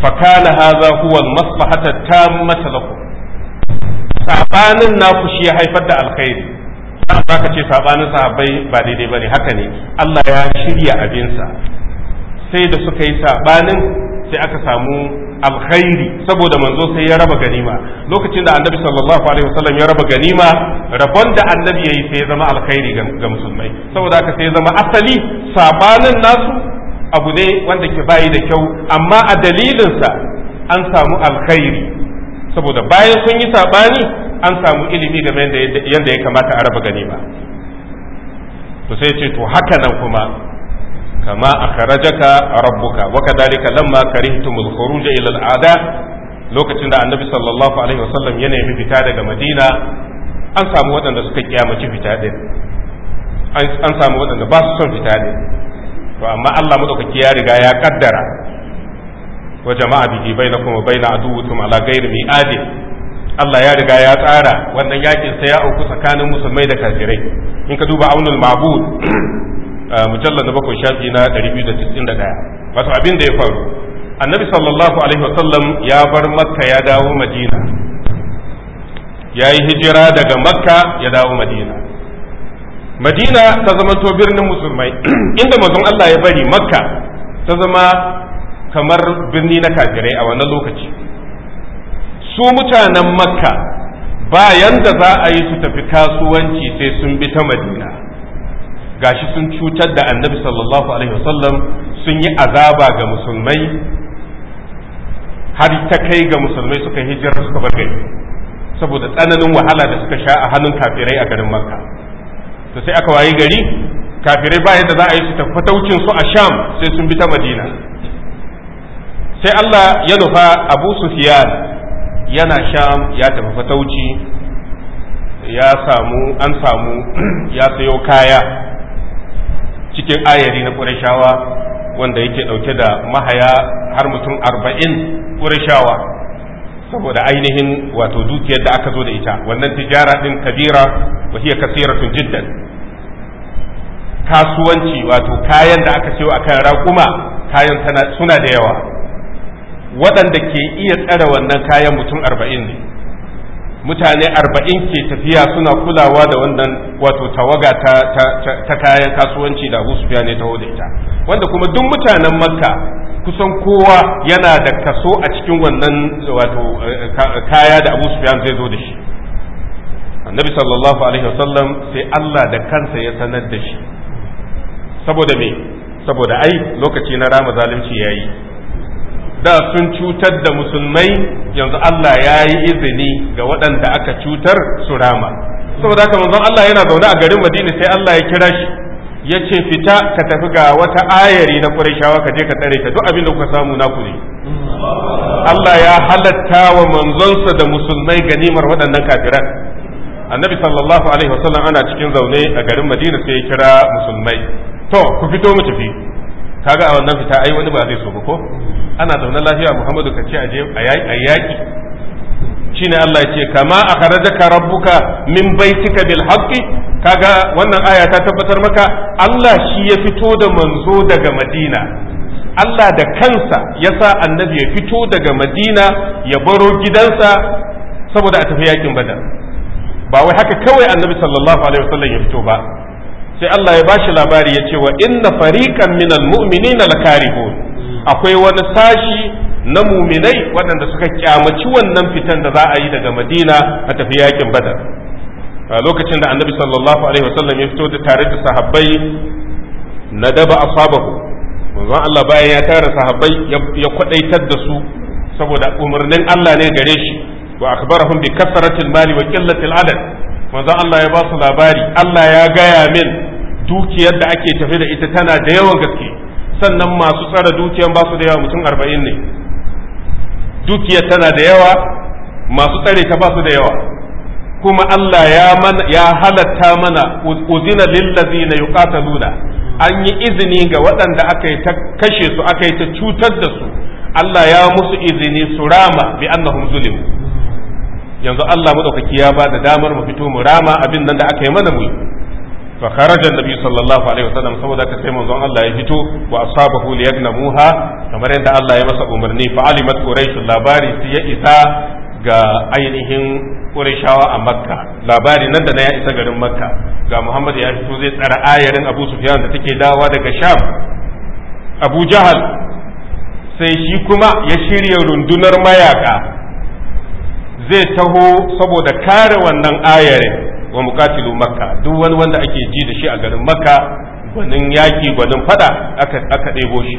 fa kana hadha naku shi ya haifar da alkhairi za ka ce sabanin sahabbai ba daidai ba ne haka ne Allah ya shirya abinsa sai da suka yi sabanin sai aka samu alkhairi saboda manzo sai ya raba ganima lokacin da annabi sallallahu alaihi wasallam ya raba ganima rabon da annabi yayi sai ya zama alkhairi ga musulmai saboda haka sai ya zama asali sabanin nasu abu ne wanda ke bayi da kyau amma a dalilinsa an samu alkhairi saboda bayan sun yi sabani an samu ilimi game da yadda ya kamata a raba ganima to sai ce to haka nan kuma kama a a rabbuka waka dalika lamma karihtumul khuruj ila al'ada lokacin da annabi sallallahu alaihi wasallam ya nemi fita daga madina an samu waɗanda suka kiyamaci fita din an samu waɗanda ba su son fita din to amma Allah madaukaki ya riga ya kaddara wa jama'a bihi bainakum wa baina aduwwikum ala ghairi mi'adin Allah ya riga ya tsara wannan yakin sai ya auku tsakanin musulmai da kafirai in ka duba aunul mabud uh, mujallal na bakwai shafi na 291 wato abin da ya faru annabi sallallahu alaihi wasallam ya bar makka ya dawo madina ya yi hijira daga makka ya dawo madina madina ta zama to birnin musulmai inda mazan Allah ya bari makka ta zama kamar birni na kafirai a wannan lokaci su mutanen makka bayan da za a yi su tafi kasuwanci sai sun bi ta madina gashi sun cutar da annabi sallallahu alaihi wasallam sun yi azaba ga musulmai har ta kai ga musulmai suka hijira suka bar gari saboda tsananin wahala da suka sha a hannun kafirai a garin makka to sai aka wayi gari kafirai bayan da za a yi su tafi fataucin su a sham sai sun bi ta madina sai Allah ya nufa Abu Sufiyan yana sham ya tafi fatauci ya samu an samu ya sayo kaya cikin ayari na ƙurashawa wanda yake ɗauke da mahaya har mutum arba'in ƙurashawa saboda ainihin wato dukiyar da aka zo da ita wannan tijara ɗin kabira wa hiya kasiratun jiddan kasuwanci wato kayan da aka siyo akan raƙuma kayan suna da yawa waɗanda ke iya tsare wannan kayan mutum arba'in ne mutane arba'in ke tafiya suna kulawa da wannan wato tawaga ta, kayan kasuwanci da husufiya ne ta da ita wanda kuma duk mutanen makka kusan kowa yana da kaso a cikin wannan wato eh, kaya da abu sufiyan zai zo da shi annabi sallallahu alaihi wasallam sai Allah da kansa ya sanar da shi saboda me saboda ai lokaci na rama zalunci yayi da sun cutar da musulmai yanzu Allah ya yi izini ga waɗanda aka cutar su rama saboda haka manzon Allah yana zaune a garin Madina sai Allah ya kira shi ya ce fita ka tafi ga wata ayari na Qurayshawa ka je ka tsare ta duk abin da kuka samu na ne Allah ya halatta wa manzonsa da musulmai ganimar waɗannan kafiran annabi sallallahu alaihi wasallam ana cikin zaune a garin Madina sai ya kira musulmai to ku fito mu tafi kaga a wannan fita ai wani ba zai so ba ko ana zaune lafiya muhammadu ka ce a yaƙi shi ne Allah ce kama a ka rabbuka min baitika bil haqqi kaga wannan aya ta tabbatar maka Allah shi ya fito da manzo daga Madina Allah da kansa ya sa annabi ya fito daga Madina ya baro gidansa saboda a tafi yakin Badar ba wai haka kawai annabi sallallahu alaihi wasallam ya fito ba sai Allah ya bashi labari ya ce wa inna fariqan minal mu'minina lakarihun akwai wani sashi na muminai waɗanda suka kyamaci wannan fitan da za a yi daga madina a tafi yakin badar lokacin da annabi sallallahu alaihi wasallam ya fito da tare da sahabbai na daba asabahu wanzan Allah bayan ya tara sahabbai ya kwadaitar da su saboda umarnin Allah ne gare shi wa akhbarahum bi kasratil mali wa qillatil adad manzon Allah ya ba su labari Allah ya gaya min dukiyar da ake tafi da ita tana da yawan gaske sannan masu tsara dukiyan ba su da yawa mutum arba'in ne dukiya tana da yawa masu tsare ta ba su da yawa kuma Allah ya halatta mana uzina yukata yuqataluna an yi izini ga waɗanda aka yi ta kashe su aka yi ta cutar da su Allah ya musu izini su rama bi annahum zulim yanzu Allah madaukaki ya ba da damar mu fito mu rama abin nan da aka yi mana mu fa kharaja Nabi sallallahu alaihi wasallam saboda ka sai manzon Allah ya fito wa na muha kamar yadda Allah ya masa umarni fa alimat quraish labari su ya isa ga ainihin qurayshawa a makka labari nan da na ya isa garin makka ga muhammad ya fito zai tsara ayarin abu sufyan da take dawa daga sham abu jahal sai shi kuma ya shirya rundunar mayaka zai taho saboda kare wannan ayarin wa muqatilu makka duk wani wanda ake ji da shi a garin makka gwanin yaki gwanin fada aka aka ɗebo shi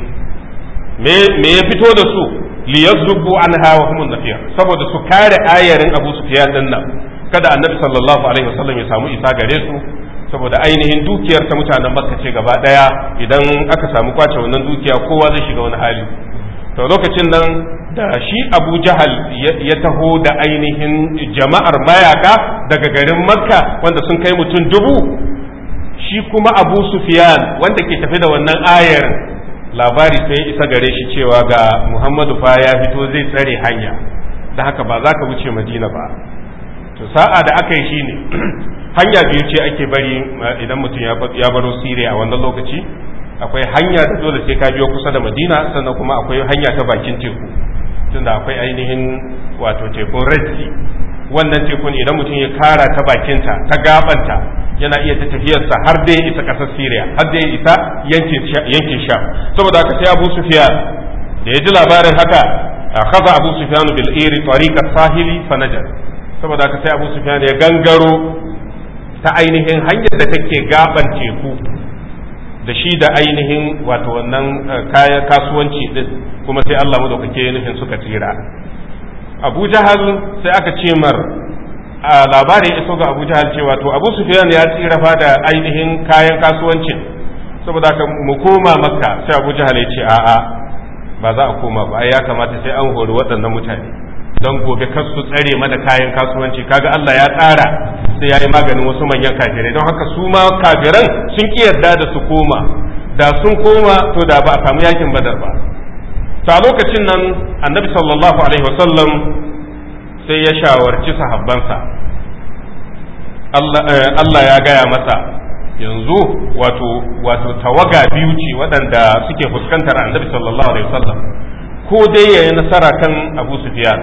me me ya fito da su li an anha wa hum nafiya saboda su kare ayarin Abu Sufyan din nan kada annabi sallallahu alaihi wasallam ya samu isa gare su saboda ainihin dukiyar ta mutanen makka ce gaba daya idan aka samu kwace wannan dukiya kowa zai shiga wani hali to lokacin nan da shi abu jahal ya taho da ainihin jama'ar mayaka daga garin makka wanda sun kai mutum dubu shi kuma abu sufiyan wanda ke tafi da wannan ayar labari sai isa gare shi cewa ga muhammadu fa ya fito zai tsare hanya da haka ba za ka wuce madina ba to sa'a da aka yi shi ne hanya biyu ce ake bari idan mutum ya baro siriya a wannan lokaci akwai hanya da dole sai ka biyo kusa da madina sannan kuma akwai hanya ta bakin teku tunda akwai ainihin wato tekun red wannan tekun idan mutum ya kara ta bakinta ta gabanta yana iya ta tafiyarsa har da ya isa ƙasar syria har da ya isa yankin sham saboda haka sai abu sufiyan da ya ji labarin haka kaza abu sufiyan bil iri tariqa sahili fanajar saboda haka sai abu ya gangaro ta ainihin hanyar da take gaban teku da shi da ainihin wato wannan eh, kayan kasuwanci din kuma sai Allah madaukake ya nufin suka tsira Abu Jahal sai aka ce mar a labarin iso ga Abu Jahal cewa to Abu Sufyan ya tsira fa da ainihin kayan kasuwancin saboda ka mu koma Makka sai Abu Jahal ya ce a'a ba za a koma ba ai ya kamata sai an hori waɗannan mutane don gobe kar su tsare mana kayan kasuwanci kaga Allah ya tsara sai ya yi maganin wasu manyan kafirai don haka su ma kafiran sun ki yarda da su koma da sun koma to da ba a samu yakin badar ba to a lokacin nan annabi sallallahu alaihi wasallam sai ya shawarci sahabbansa Allah eh, ya gaya masa yanzu wato wato tawaga biyu ce waɗanda suke fuskantar annabi sallallahu alaihi wasallam ko dai ya yi nasara kan abu sufiyan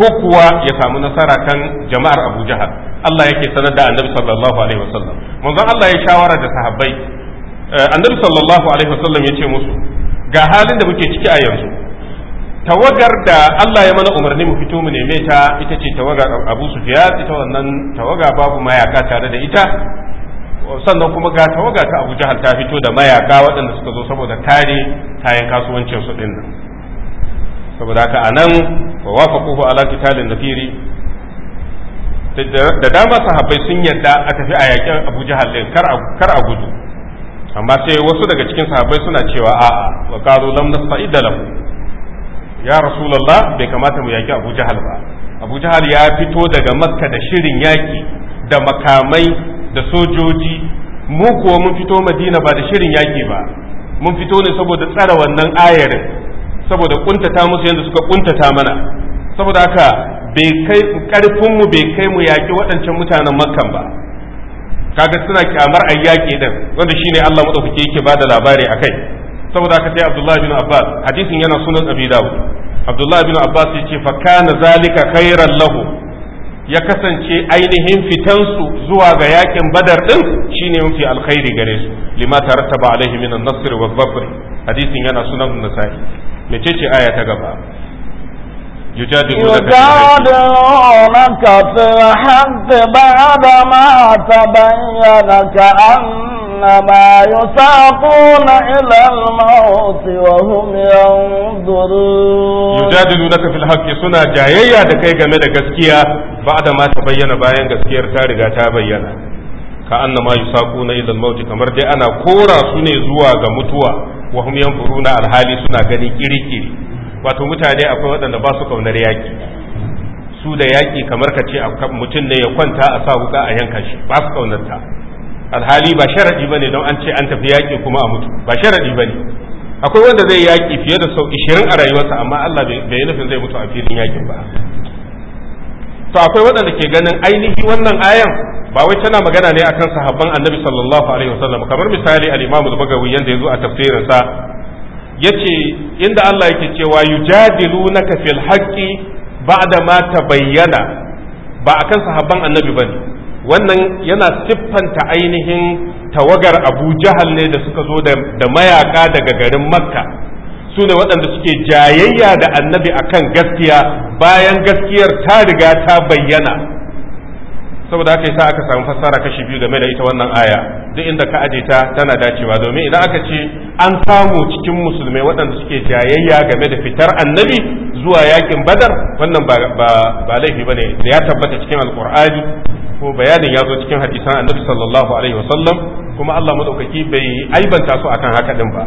ko kuwa ya samu nasara kan jama'ar abu jahal Allah yake sanar da annabi sallallahu alaihi wasallam manzon Allah ya shawara da sahabbai eh, annabi sallallahu alaihi wasallam ya ce musu ga halin da muke ciki a yanzu tawagar da Allah ya mana umarni mu fito mu neme ta ita ce tawagar abu sufiyan ita wannan tawaga babu mayaka tare da ita sannan kuma ga tawaga ta abu jahal ta fito da mayaka waɗanda suka zo saboda kare kayan kasuwancin su ɗin saboda haka anan wa wafaquhu ala qitalin nafiri da dama sahabbai sun yadda a tafi a yakin Abu Jahal kar a gudu amma sai wasu daga cikin sahabbai suna cewa a'a wa qalu lam nasta'id lahu ya rasulullah bai kamata mu yaki Abu Jahal ba Abu Jahal ya fito daga Makka da shirin yaki da makamai da sojoji mu kuwa mun fito Madina ba da shirin yaki ba mun fito ne saboda tsara wannan ayarin saboda kuntata musu yadda suka kuntata mana saboda haka bai kai karfin mu bai kai mu yaki waɗancan mutanen makkan ba kaga suna kyamar a yaƙi din wanda shine Allah madaukake yake bada labari akai saboda haka sai Abdullah bin Abbas hadisin yana sunan Abi Dawud Abdullah bin Abbas yace fa kana zalika khairan lahu ya kasance ainihin fitansu zuwa ga yakin badar din shine mafi alkhairi gare su lima tarattaba alaihi min an-nasr wa dhafr hadisin yana sunan Nasa'i mecece aya ta gaba yujadilunaka fi al-haqq suna jayayya da kai game da gaskiya ba'da ma bayyana bayan gaskiyar ta riga ta bayyana ka annama yusaquna ila maut kamar dai ana kora su ne zuwa ga mutuwa wa hum na alhali suna gani kirikiri wato mutane akwai waɗanda ba su kaunar yaki su da yaki kamar ka ce mutum ne ya kwanta a sa wuka a yanka shi ba su kaunar ta alhali ba sharadi bane don an ce an tafi yaki kuma a mutu ba sharadi ne akwai wanda zai yaki fiye da sau 20 a rayuwarsa amma Allah bai nufin zai mutu a filin yakin ba to akwai waɗanda ke ganin ainihi wannan ayan ba wai tana magana ne akan sahabban annabi sallallahu alaihi wasallam kamar misali al-imamu al-bagawi yanda yazo a tafsirin sa yace inda Allah yake cewa yujadilunaka fil haqqi ba'da ma tabayyana ba akan sahabban annabi bane wannan yana siffanta ainihin tawagar Abu Jahal ne da suka zo da mayaka daga garin Makka su ne waɗanda suke jayayya da annabi akan gaskiya bayan gaskiyar ta riga ta bayyana saboda haka yasa aka samu fassara kashi biyu game da ita wannan aya duk inda ka aje ta tana dacewa domin idan aka ce an samu cikin musulmai waɗanda suke jayayya game da fitar annabi zuwa yakin badar wannan ba laifi ba ne. da ya tabbata cikin alkur'ani ko bayanin ya zo cikin hadisan annabi sallallahu alaihi wasallam kuma Allah maɗaukaki bai aibanta su akan haka ɗin ba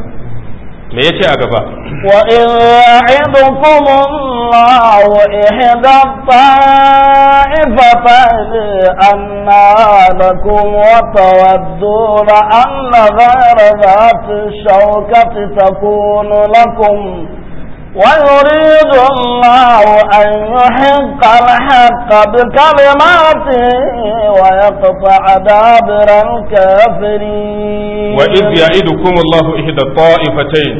me yace a gaba wa ya'idukum Allah wa ihda ta'ifatan anna lakum wa tawadduna anna ghayra dhati shawkati takunu lakum ويريد الله أن يحق الحق بكلماته ويقطع دابر الكافرين وإذ يعيدكم الله إحدى الطائفتين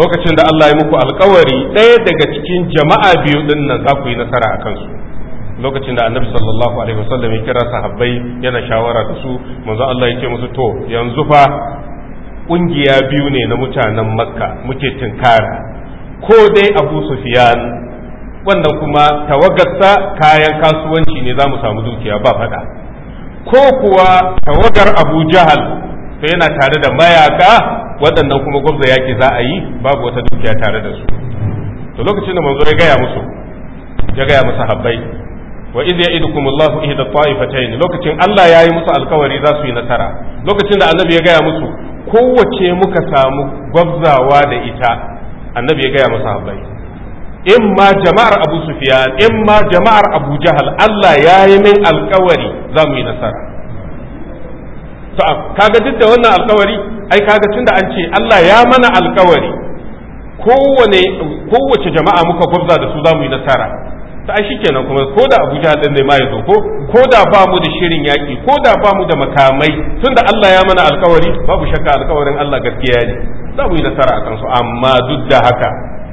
lokacin da Allah ya muku alkawari ɗaya daga cikin jama'a biyu ɗin nan za ku yi nasara a kansu lokacin da annabi sallallahu alaihi wasallam ya kira sahabbai yana shawara da su manzo Allah ya ce musu to yanzu fa ƙungiya biyu ne na mutanen makka muke tinkara ko dai abu sufiyan wannan kuma tawagarsa kayan kasuwanci ne za mu samu dukiya ba faɗa ko kuwa tawagar abu jahal to yana tare da mayaka waɗannan kuma gwamza yaƙi za a yi babu wata dukiya tare da su to lokacin da manzo ya gaya musu ya gaya musu habbai wa idh ya'idukum Allah ihda ta'ifatayn lokacin Allah ya yi musu alkawari za su yi nasara lokacin da annabi ya gaya musu kowace muka samu gwabzawa da ita annabi ya gaya masa habbai in ma jama'ar abu sufiyan in ma jama'ar abu jahal allah ya yi min alkawari za mu yi nasara to kaga duk da wannan alkawari ai kaga tunda an ce allah ya mana alkawari kowane kowace jama'a muka gwabza da su za mu yi nasara ta ai shikenan kuma ko da abu jahal din ne ma ya zo ko ko da ba mu da shirin yaki ko da ba mu da makamai tunda allah ya mana alkawari babu shakka alkawarin allah gaskiya ne za mu yi nasara a kansu amma duk da haka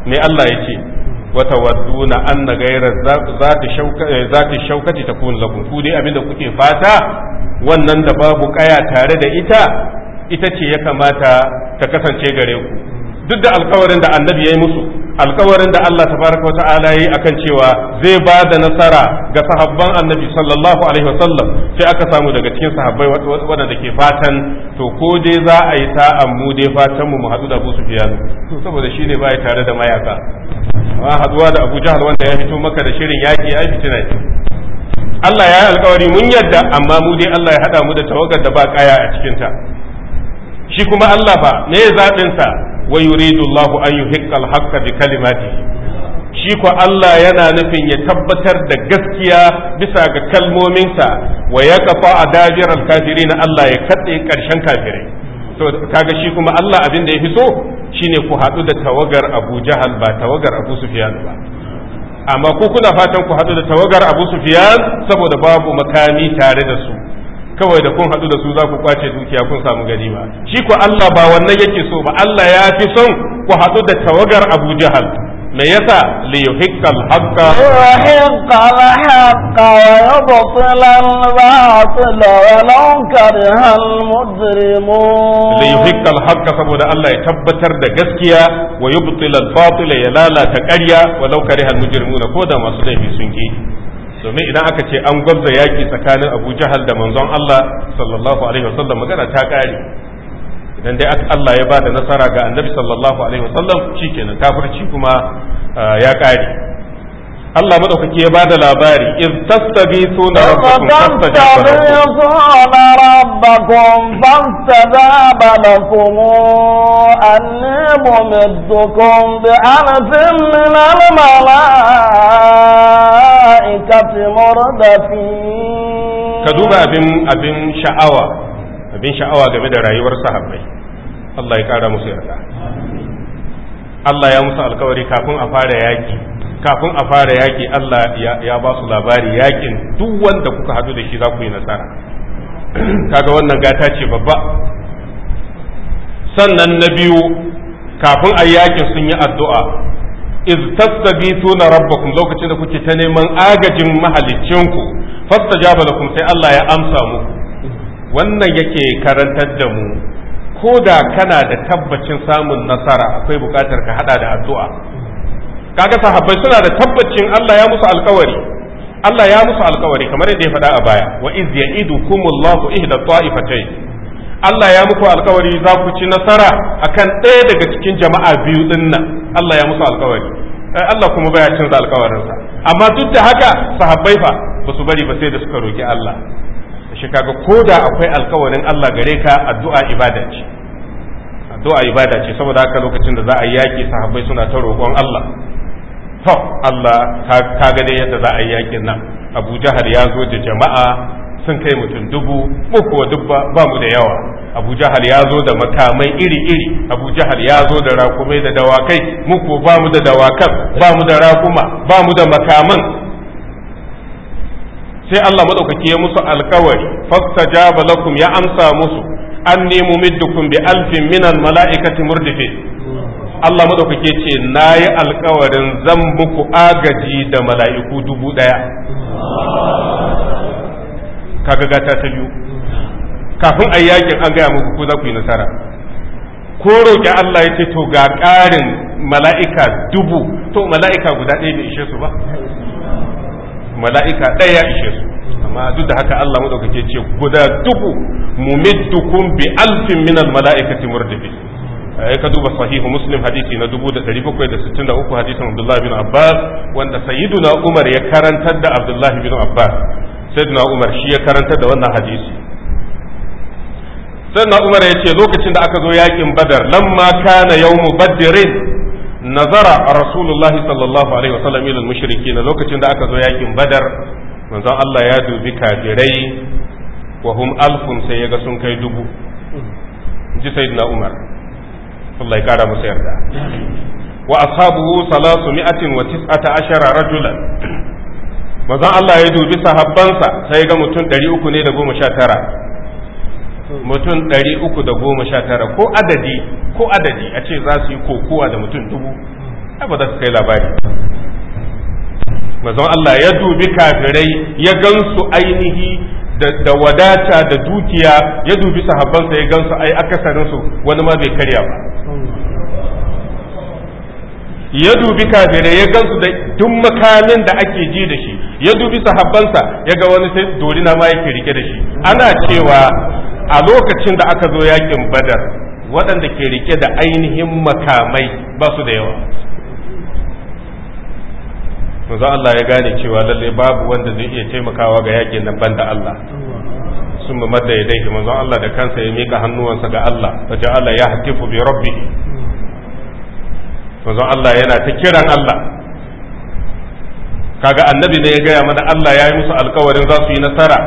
ne Allah ya ce wata wadduna an na gaira za ta shaukaci eh, ta kun lagun ku dai abinda kuke fata wannan da babu kaya tare da ita ita ce ya kamata ta kasance gare ku duk da alkawarin da annabi ya yi musu alkawarin da Allah Ta tabaraka wata'ala yi akan cewa zai ba da nasara ga sahabban annabi sallallahu alaihi wasallam sai aka samu daga cikin sahabbai waɗanda ke fatan to ko dai za a yi sa'an mu dai fatan mu mu haɗu da Abu Sufyan to saboda shi ne bai tare da mayaka amma haɗuwa da Abu Jahl wanda ya fito maka da shirin yaƙi ai fitina ce Allah ya yi alkawari mun yadda amma mu dai Allah ya haɗa mu da tawagar da ba kaya a cikinta shi kuma Allah ba me zaɓinsa wa yuridu Allah an yuhiqqa al-haqqa bi kalimatihi shi ko Allah yana nufin ya tabbatar da gaskiya bisa ga kalmominsa wa a adabir al-kafirin Allah ya katse karshen kafirai to kaga shi kuma Allah abin da yafi so shine ku haɗu da tawagar Abu Jahal ba tawagar Abu Sufyan ba amma ku kuna fatan ku haɗu da tawagar Abu Sufyan saboda babu makami tare da su kawai da kun haɗu da su za ku kwace dukiya kun samu gani ba shi ko Allah ba wannan yake so ba Allah ya fi son ku haɗu da tawagar Abu Jahal me yasa li yuhiqqal haqqa wa yuhiqqal haqqa wa yubtilal batila wa law karihal mujrimun li yuhiqqal haqqa saboda Allah ya tabbatar da gaskiya wa yubtilal batila ya lalata ƙarya wa law karihal mujrimun ko da masu laifi sun ki domin idan aka ce an gwabza yaƙi tsakanin abu jahal da manzon Allah sallallahu alaihi wasallam magana ta ƙare. idan dai Allah ya ba da nasara ga annabi sallallahu alaihi wasallam shikenan kafirci kuma uh, ya ƙare. Allah madaukaki ya ba da labari in tastabithuna rabbakum fastajaba lakum anni mumiddukum bi anfin min al الملائكة مردفين ka duba abin abin sha'awa abin sha'awa game da rayuwar sahabbai Allah ya kara musu yarda Allah ya musu alkawari kafin a fara yaki kafin a fara yaki Allah ya ba su labari yakin duk wanda kuka hadu da shi za ku yi nasara kaga wannan gata ce babba sannan na biyu kafin a yakin sun yi addu'a iz suna rabbakum lokacin da kuke ta neman agajin mahaliccinku fastajaba lakum sai Allah ya amsa muku wannan yake karantar da mu ko da kana da tabbacin samun nasara akwai bukatar ka hada da addu'a kaga sahabbai suna da tabbacin Allah ya musu alkawari Allah ya musu alkawari kamar yadda ya faɗa a baya wa iz ya'idukumullahu ihda ta'ifatayn Allah ya muku alkawari za ku ci nasara akan ɗaya daga cikin jama'a biyu din nan Allah ya musu alkawari eh, Allah kuma baya canza alkawarinsa amma duk da haka sahabbai fa ba su bari ba sai da suka roki Allah shi kaga ko da akwai alkawarin Allah gare ka addu'a ibada ce addu'a ibada ce saboda haka lokacin da za a yaki sahabbai suna ta roƙon Allah to Allah ka ga dai yadda za a yi yakin nan Abu Jahal ya zo da jama'a sun kai mutum dubu mu kuwa ba mu da yawa abu jahal ya zo da makamai iri-iri abu jahal ya zo da rakumai da dawakai mu kuwa ba mu da dawakan ba mu da rakuma ba mu da makaman sai Allah madaukaki ya musu alkawari fastajaba lakum ya amsa musu anni mumiddukum bi alfin minan mala'ikati murdifin Allah madaukake ce nayi alkawarin zan muku agaji da mala'iku dubu daya kaga gata ta biyu kafin a yakin an gaya muku ko za ku yi nasara ko roƙi Allah ya ce to ga ƙarin mala'ika dubu to mala'ika guda ɗaya bai ishe su ba mala'ika ɗaya ishe su amma duk da haka Allah madaukake ce guda dubu mumiddukum bi alfin min al mala'ikati murdifi ai ka duba sahihu muslim hadisi na 1763 hadisin Abdullah bin Abbas wanda sayyiduna Umar ya karantar da Abdullah bin Abbas sayyidina umar shi ya karanta da wannan hadisi sayyidina umar ya ce lokacin da aka zo yakin badar lamma kana yawmu badrin nazara a sallallahu alaihi wasallam ila mushrikin lokacin da aka zo yakin badar manzon Allah ya dubi kafirai wa hum alfun sai ya ga sun kai dubu ji sayyidina umar Allah ya kara musu yarda wa ashabuhu salatu rajulan manzon Allah ya dubi sahabbansa sai ga mutum 300 ne da goma sha tara mutum 319 ko adadi ko adadi a ce za su yi kokowa da mutum dubu ba za su kai labari mazan Allah ya dubi kafirai ya gansu ainihi da wadata da dukiya ya dubi sahabbansa ya gansu ai akasarinsu wani ma bai karya ba ya dubi kafirai ya gansu da duk makamin da ake ji da shi ya dubi sahabbansa ya ga wani sai dorina ma yake rike da shi ana cewa a lokacin da aka zo yakin badar waɗanda ke rike da ainihin makamai ba su da yawa manzo Allah ya gane cewa lallai babu wanda zai iya taimakawa ga yakin nan banda Allah sun mamada ya manzo Allah da kansa ya mika hannuwansa ga Allah allah ya yahtifu bi rabbih manzon Allah yana ta kiran Allah kaga annabi ne ya gaya mana Allah ya yi musu alkawarin za su yi nasara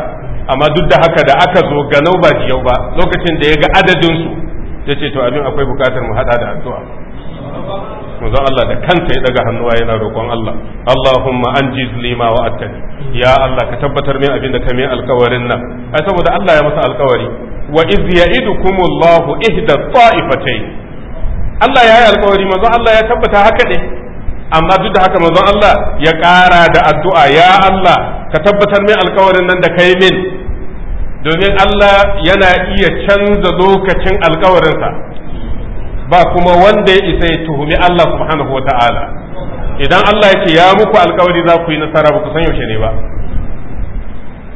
amma duk da haka da aka zo ganau ba yau ba lokacin da ya ga adadin su ya ce to abin akwai bukatar mu hada da addu'a manzon Allah da kansa ya daga hannuwa yana roƙon Allah Allahumma anjiz li ma wa'adtani ya Allah ka tabbatar min abin da ka mai alkawarin nan ai saboda Allah ya masa alkawari wa iz ya'idukumullahu ihda ta'ifatayn Allah ya yi alkawari manzo Allah ya tabbata haka ne amma duk da haka manzo Allah ya ƙara da addu'a ya Allah ka tabbatar min alkawarin nan da kai min domin Allah yana iya canza lokacin alkawarinsa ba kuma wanda ya isa ya tuhumi Allah subhanahu wa idan Allah ya ce ya muku alkawari za ku yi nasara ba ku san yaushe ne ba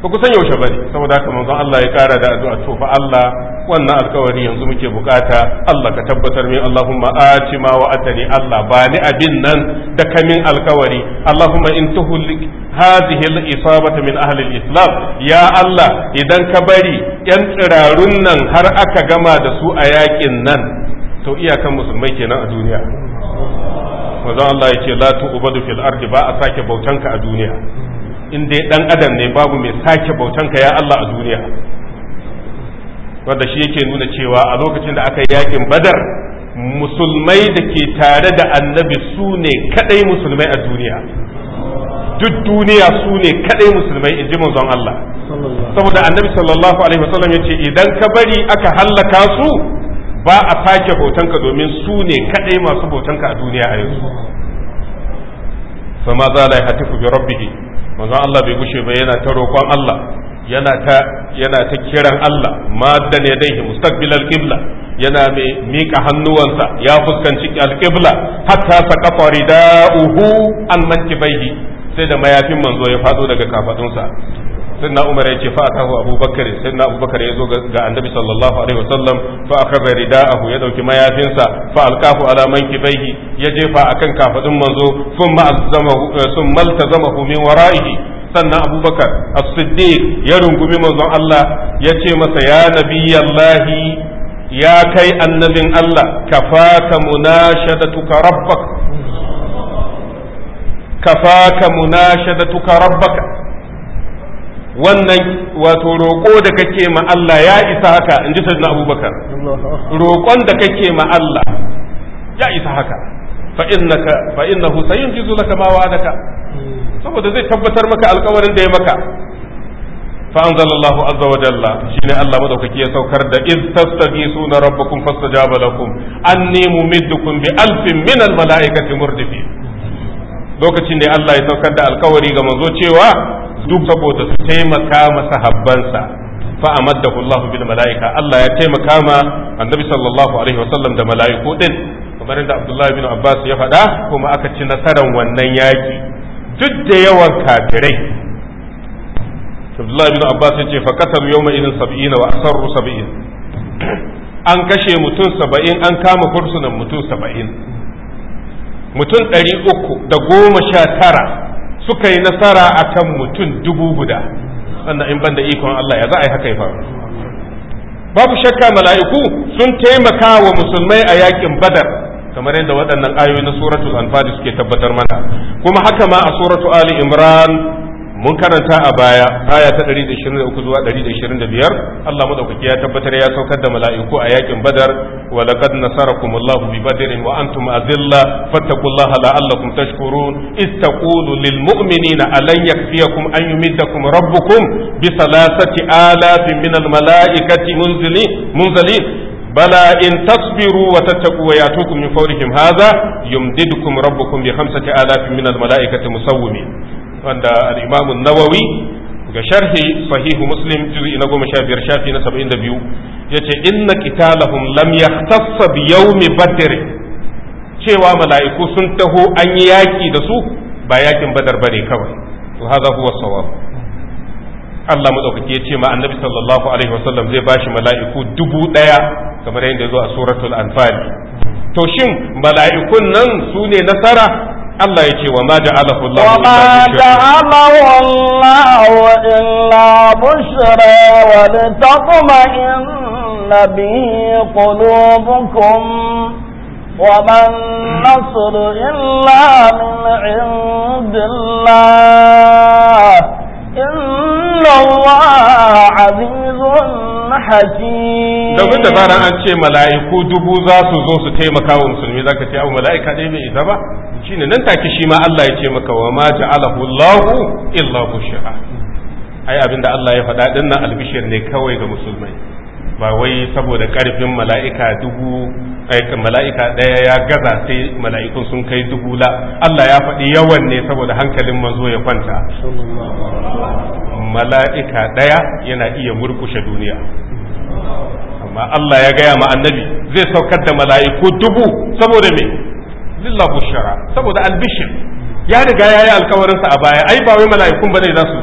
ba kusan yaushe bane saboda haka manzon Allah ya kara da addu'a to fa Allah wannan alkawari yanzu muke bukata Allah ka tabbatar min Allahumma aati ma wa atani Allah ba ni abin nan da kamin alkawari Allahumma in tuhlik hadhihi al-isabata min ahli al-islam ya Allah idan ka bari yan tsirarun nan har aka gama da su a yakin nan to iyakan musulmai kenan a duniya manzon Allah ya ce la tu'badu fil ardi ba a sake bautanka a duniya in dai dan adam ne babu mai sake bautan ka ya Allah a duniya wanda shi yake nuna cewa a lokacin da aka yi yakin badar musulmai da ke tare da annabi su ne kadai musulmai a duniya duk duniya su ne kadai musulmai in ji manzon Allah saboda annabi sallallahu alaihi wasallam ya ce idan ka bari aka hallaka su ba a sake bautan ka domin su ne kadai masu bautan ka a duniya a yanzu فما زال يهتف بربه manzon Allah bai gushe ba yana ta roƙon Allah yana ta yana ta kiran Allah madda ne dai mustaqbilal qibla yana mai mika hannuwansa ya fuskanci alqibla hatta saqafa ridauhu an mankibaihi sai da mayafin manzo ya faɗo daga kafadunsa سيدنا عمر يجي فأتاه أبو بكر سيدنا أبو بكر يزوج النبي صلى الله عليه وسلم فأخذ رداءه يدوك ما يافنسا فألقاه على منكبيه يجي فأكن كافة منزو ثم ألزمه ثم التزمه من ورائه sannan abubakar as-siddiq ya rungumi manzon Allah ya ce masa ya nabi Allahi ya kai annabin Allah kafaka munashadatuka rabbaka kafaka munashadatuka rabbaka wannan wato roƙo da kake ma Allah ya isa haka in ji sayyidina abubakar roƙon da kake ma Allah ya isa haka fa innaka fa innahu sayunjizu laka ma ka saboda zai tabbatar maka alƙawarin da ya maka fa anzalallahu azza wa jalla shine Allah madaukaki ya saukar da id tastaghithuna rabbakum fastajaba lakum anni mumiddukum bi alfin min al malaikati murdifin lokacin da Allah ya saukar da alƙawari ga manzo cewa duk saboda su taimaka masa habbansa fa amaddahu Allahu bil malaika Allah ya taimaka ma annabi sallallahu alaihi wasallam da malaiku din kamar da Abdullah bin Abbas ya faɗa kuma aka ci nasaran wannan yaki duk da yawan kafirai Abdullah bin Abbas ya ce fa qatalu yawma idin sab'ina wa asarru sab'in an kashe mutum saba'in an kama kursunan mutum saba'in mutum ɗari uku da goma sha tara suka yi nasara a kan mutum dubu guda sannan in ban da ikon Allah ya za a yi haka ya babu shakka mala'iku sun taimaka wa musulmai a yakin badar kamar yadda waɗannan ayoyi na suratul anfal suke tabbatar mana kuma haka ma a suratul ali imran mun karanta a baya aya ta 123 zuwa 125 Allah madaukaki ya tabbatar ya saukar da mala'iku a yakin badar wa laqad nasarakumullahu bi badrin wa antum azilla fattaqullaha la'allakum tashkurun istaqulu lil mu'minina alan yakfiyakum an yumiddakum rabbukum bi alafin min al mala'ikati munzilin بلى إن تصبروا وتتقوا ويأتوكم من فورهم هذا يمددكم ربكم بخمسة آلاف من الملائكة wanda al-Imam an-Nawawi ga sharhi sahih Muslim juz'i na goma sha 15 shafi na 72 yace inna qitalahum lam yahtass bi yawm badr cewa mala'iku sun taho an yi yaki da su ba yakin badar bane kawai to hadha huwa sawab Allah madaukaki ya ce ma annabi sallallahu alaihi wasallam zai bashi mala'iku dubu daya kamar yadda ya zo a suratul anfal to shin mala'ikun nan su ne nasara Allah ya ce wa ma ja'alahu Allah wa ma ja'alahu Allah illa bushra wa litaqma'inna bihi qulubukum wa man nasr illa min 'indillah inna Allah 'azizun hakim da da bara an ce mala'iku dubu za su zo su taimaka wa musulmi zaka ce abu mala'ika dai bai isa ba shine nan take shi ma Allah ya ce maka wa ma ja'alahu Allahu illa bushra ai abinda Allah ya faɗa dinnan albishir ne kawai ga musulmai ba wai saboda karfin mala'ika dubu eh, mala'ika ɗaya ya gaza sai mala'ikun sun kai dubu la Allah ya faɗi yawan ne saboda hankalin manzo ya kwanta mala'ika ɗaya yana iya murkushe duniya amma Allah ya gaya ma annabi zai saukar da mala'iku dubu saboda me lillahu shara saboda albishir ya riga ya yi alkawarinsa a baya ai ba wai mala'ikun ne za su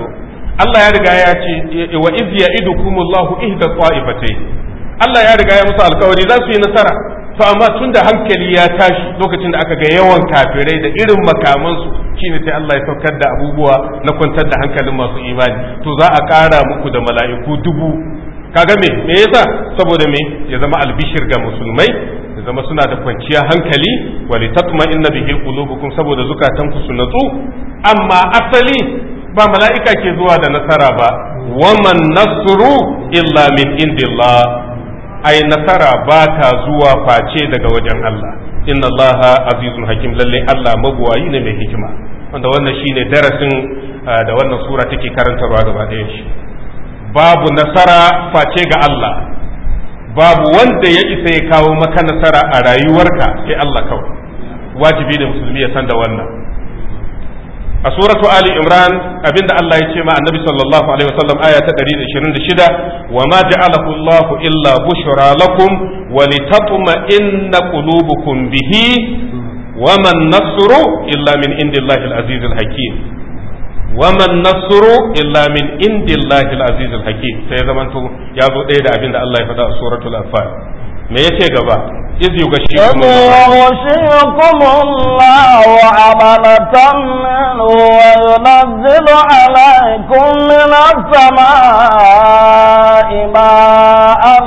Allah ya riga ya ce wa iz ya'idukumullahu ihda ta'ifatay Allah ya riga ya musu alkawari za su yi nasara to amma tun hankali ya tashi lokacin da aka ga yawan kafirai da irin makamansu shine sai Allah ya saukar da abubuwa na kwantar da hankalin masu imani to za a ƙara muku da mala'iku dubu kaga me me yasa saboda me ya zama albishir ga musulmai ya zama suna da kwanciyar hankali wali tatma inna bihi qulubukum saboda ku su natsu amma asali ba mala'ika ke zuwa da nasara ba waman nasru illa min indillah ai nasara ba ta zuwa face daga wajen Allah inna Allah azizun hakim lalle Allah mabuwayi ne mai hikima wanda wannan shine darasin ah, da wannan sura take karantarwa gaba ɗayan shi babu nasara face ga Allah babu wanda ya isa ya kawo maka nasara a rayuwarka sai Allah kawai wajibi ne musulmi ya san da wannan a suratu ali imran abinda Allah ya ce ma annabi sallallahu alaihi wasallam aya ta 126 wa ma ja'alahu Allah illa bushra lakum wa litatma'inna qulubukum bihi wa man nasru illa min indillahi al-aziz al-hakim wa man nasru illa min indillahi al-aziz al-hakim sai zamanto ya zo ɗaya da abinda Allah ya faɗa a suratul anfal me yace gaba iz yughashshikum yughashshikum Allahu amanatan wa yunazzilu alaykum min as-samaa'i ma'an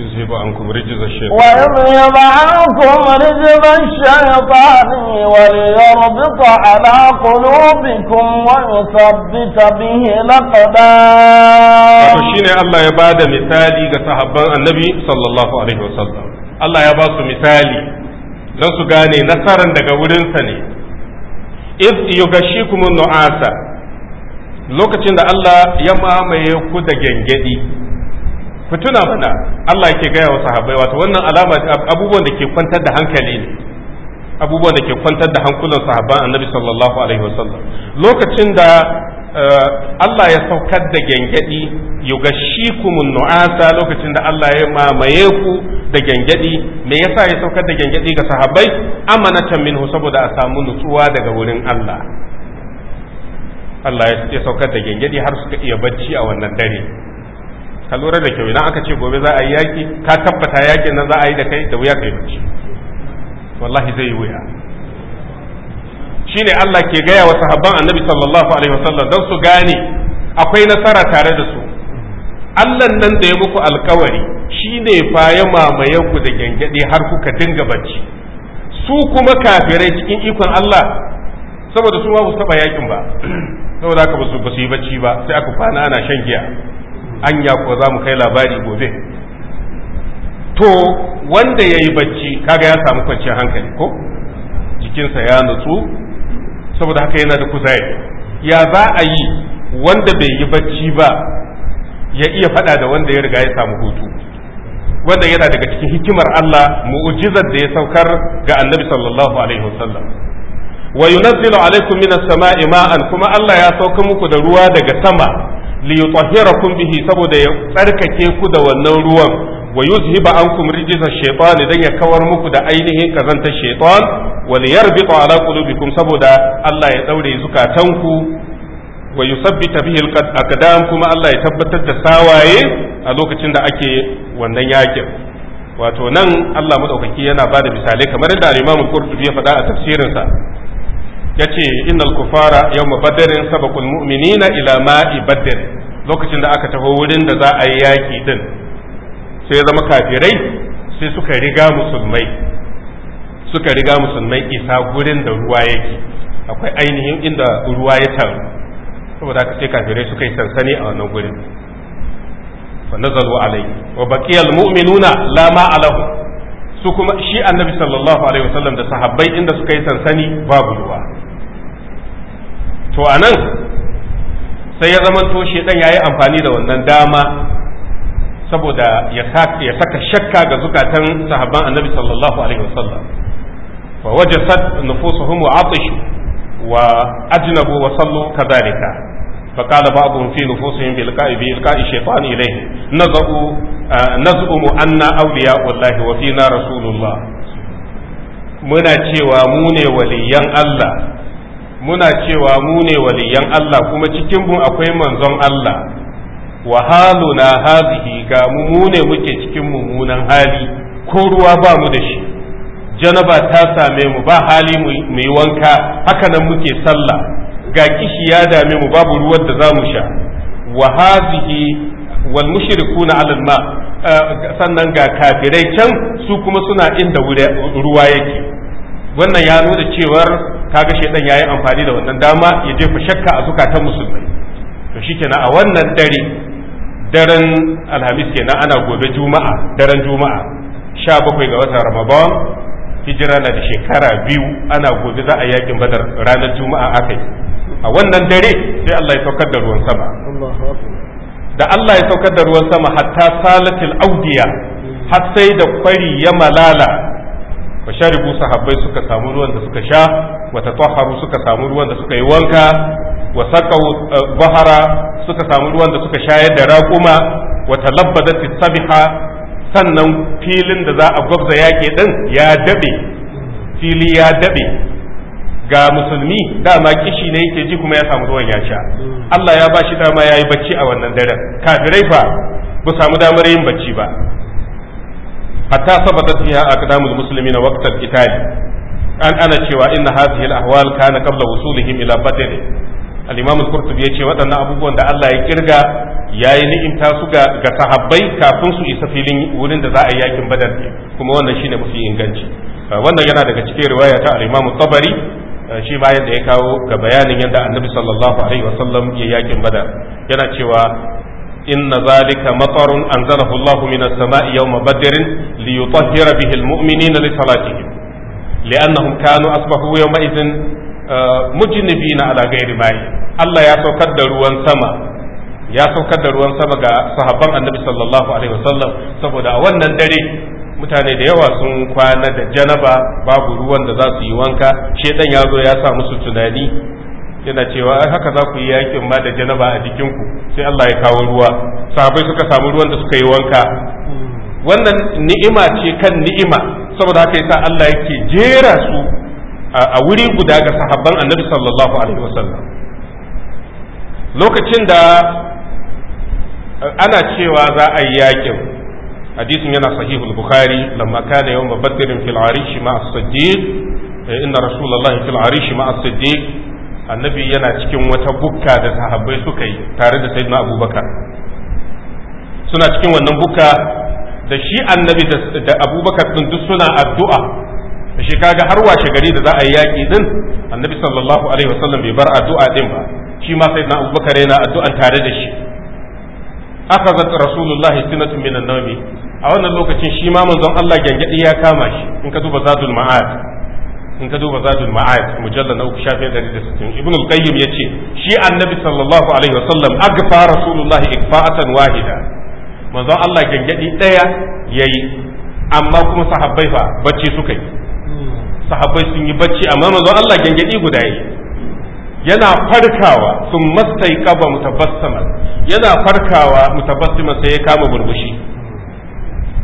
يذهب عنكم رجز الشيطان ويذهب عنكم رجز الشيطان وليربط على قلوبكم ويثبت به الأقدام وشين الله يباد مثالي كصحابة النبي صلى الله عليه وسلم الله يباد مثالي don su gane nasarar daga wurinsa ne if yugashikum nu'asa lokacin da Allah ya mamaye ku da gengedi ku tuna mana Allah yake gaya wa sahabbai wato wannan alama abubuwan da ke kwantar da hankali ne abubuwan da ke kwantar da hankulan sahabban annabi sallallahu alaihi wasallam lokacin da eh, Allah ya saukar da gengedi yugashikum nu'asa lokacin da Allah ya mamaye ku da gengedi me yasa ya saukar da gengedi ga sahabbai amanatan minhu saboda a samu nutsuwa daga wurin Allah Allah ya saukar da gengedi har suka iya bacci a wannan dare ka lura da kyau idan aka ce gobe za a yi yaki ka tabbata yakin nan za a yi da kai da wuya kai bacci wallahi zai yi wuya shine Allah ke gaya wa sahabban annabi sallallahu alaihi wasallam don su gane akwai nasara tare da su Allah nan da ya muku alkawari shine fa ya mamaye ku da gengede har kuka dinga bacci su kuma kafirai cikin ikon Allah saboda su ba su taba yakin ba saboda haka ba su yi bacci ba sai aka kwana ana shan giya anya ko za mu kai labari gobe to wanda ya yi bacci kaga ya samu kwanciyar hankali ko jikinsa ya nutsu saboda haka yana da kuzari ya za a yi wanda bai yi bacci ba ya iya faɗa da wanda ya riga ya samu hutu wanda yana daga cikin hikimar Allah mu'ujizar da ya saukar ga annabi sallallahu alaihi wasallam wa yunazzilu alaikum minas sama'i ma'an kuma Allah ya sauka muku da ruwa daga sama li yutahhirakum bihi saboda ya tsarkake ku da wannan ruwan wa yuzhiba ankum rijza shaytan idan ya kawar muku da ainihin kazantar shaytan wa liyarbita ala qulubikum saboda Allah ya daure zukatanku wa yusabbita bihi alqadam kuma Allah ya tabbatar da sawaye a lokacin da ake wannan yakin wato nan Allah madaukaki yana bada misalai kamar da al-Imam Qurtubi ya faɗa a tafsirinsa yace innal kufara yawma badarin sabaqul mu'minina ila ma'i badr lokacin da aka taho wurin da za a yi yaki din sai ya zama kafirai sai suka riga musulmai suka riga musulmai isa gurin da ruwa yake akwai ainihin inda ruwa ya taru saboda aka ce kafirai suka yi sansani a wannan gurin fa nazalu alayhi wa baqiyal mu'minuna la ma alahu su kuma shi annabi sallallahu alaihi wasallam da sahabbai inda suka yi sansani babu ruwa to a nan sai ya zama to shedan ya yi amfani da wannan dama saboda ya saka shakka ga zukatan sahabban annabi sallallahu alaihi wasallam fa wajasat nufusuhum wa atishu wa ajnabu wa sallu kadhalika فقال بعضهم في نفوسهم بلقاء بلقاء الشيطان إليه نزعوا نزعم أن أولياء الله وفينا رسول الله Muna cewa mu ne waliyan Allah muna cewa mu ne waliyan Allah kuma cikin mu akwai manzon Allah wa haluna hazihi ga mu mu ne muke cikin mummunan hali ko ruwa ba mu da shi janaba ta same mu ba hali mu yi wanka haka nan muke sallah ga kishi ya dame mu babu ruwan da zamu sha wa hazihi wal mushrikuna alal ma eh, sannan ga kafirai can su kuma suna inda ruwa yake wannan ya nuna cewar kaga shedan yayi amfani da wannan dama ya jefa shakka a zukatan musulmai to shikenan a wannan dare daren alhamis kenan ana gobe juma'a daren juma'a 17 ga watan ramadan hijira na da shekara biyu ana gobe za a yakin badar ranar juma'a aka yi a wannan dare sai Allah ya saukar da ruwan sama da Allah ya saukar da ruwan sama hatta salatil audiya har sai da kwari ya malala sharibu sahabbai suka samu ruwan da suka sha wata taharu suka samu ruwan da suka yi wanka wa sakau bahara eh, suka samu ruwan da suka shayar da raƙuma wata talabbadat sabiha sannan filin da za a gwabza yaƙi din ya dabe fili ya daɗe ga musulmi dama kishi ne yake ji kuma ya samu ruwan ya sha Allah ya ba shi dama ya yi bacci a wannan daren kafirai fa ba samu damar yin bacci ba hatta sabatat fiha aqdamul muslimina waqtal qital an ana cewa inna hadhihi al-ahwal kana qabla wusulihim ila badr al-imam al-qurtubi yace abubuwan da Allah ya kirga yayi ni'imta su ga ga sahabbai kafin su isa filin wurin da za a yi yakin badar kuma wannan shine mafi inganci wannan yana daga cikin riwaya ta al-imam tabari shi bayan da ya kawo ga bayanin yadda annabi sallallahu alaihi wasallam ya yakin badar yana cewa إن ذلك مطر أنزله الله من السماء يوم بدر ليطهر به المؤمنين لصلاتهم لأنهم كانوا أصبحوا يومئذ مجنبين على غير ماء الله يا سوكر ruwan sama ya saukar da ruwan sama ga sahaban annabi sallallahu alaihi wasallam saboda a wannan dare mutane da yawa sun kwana da janaba babu ruwan da za su yi wanka shedan ya zo ya sa musu tunani yana cewa ai haka za ku yi yakin ma da janaba a jikinku sai Allah ya kawo ruwa sahabbai suka samu ruwan da suka yi wanka wannan ni'ima ce kan ni'ima saboda haka yasa Allah yake jera su a wuri guda ga sahabban Annabi sallallahu alaihi wasallam lokacin da ana cewa za a yi yakin hadisin yana al bukhari lamma kana yawm badrin fil arish ma as-siddiq eh, inna rasulullahi fil arish ma as-siddiq annabi yana cikin wata bukka da sahabbai suka yi tare da sayyidina abubakar suna cikin wannan bukka da shi annabi da abubakar din duk suna addu'a da shi kaga har washe gari da za a yi yaƙi din annabi sallallahu alaihi wasallam bai bar addu'a din ba shi ma sayyidina abubakar yana addu'a tare da shi akhazat rasulullahi sinatu minan nawmi a wannan lokacin shi ma manzon Allah gyangyaɗi ya kama shi in ka duba zadul ma'ad in ka duba zadul ma'ad mujallal na uku shafi dari da sittin ibn al-qayyim ya ce shi annabi sallallahu alaihi wa wasallam agfa rasulullahi ikfa'atan wahida manzon Allah gangadi ɗaya yayi amma kuma sahabbai fa bacci suka yi sahabbai sun yi bacci amma manzon Allah gangadi guda yi yana farkawa sun mastai kaba mutabassama yana farkawa mutabassima sai ya kama burbushi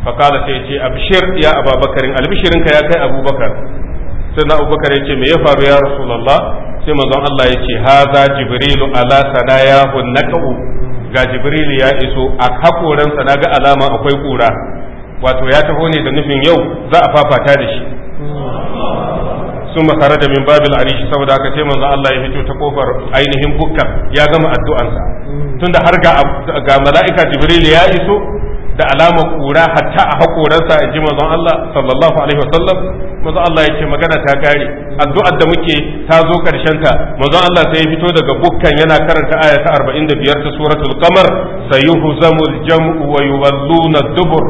fakala sai ya ce abshir ya ababakarin albishirinka ya kai abubakar sai na abubakar ya ce me ya faru ya rasulullah sai manzon Allah ya ce haza jibrilu ala sanayahu naqu ga jibrilu ya iso a hakoran sa ga alama akwai kura wato ya taho ne da nufin yau za a fafata da shi sun makara da min babil arishi saboda haka ce manzon Allah ya fito ta kofar ainihin bukka ya gama addu'ansa tunda har ga mala'ika jibrilu ya iso da alama kura hatta a hakoransa a ji manzon Allah sallallahu alaihi wasallam manzon Allah ya ce magana ta kare addu'ar da muke ta zo karshen ta manzon Allah sai ya fito daga bukkan yana karanta aya ta biyar ta suratul qamar sayuhzamul jam'u wa yuwalluna dubur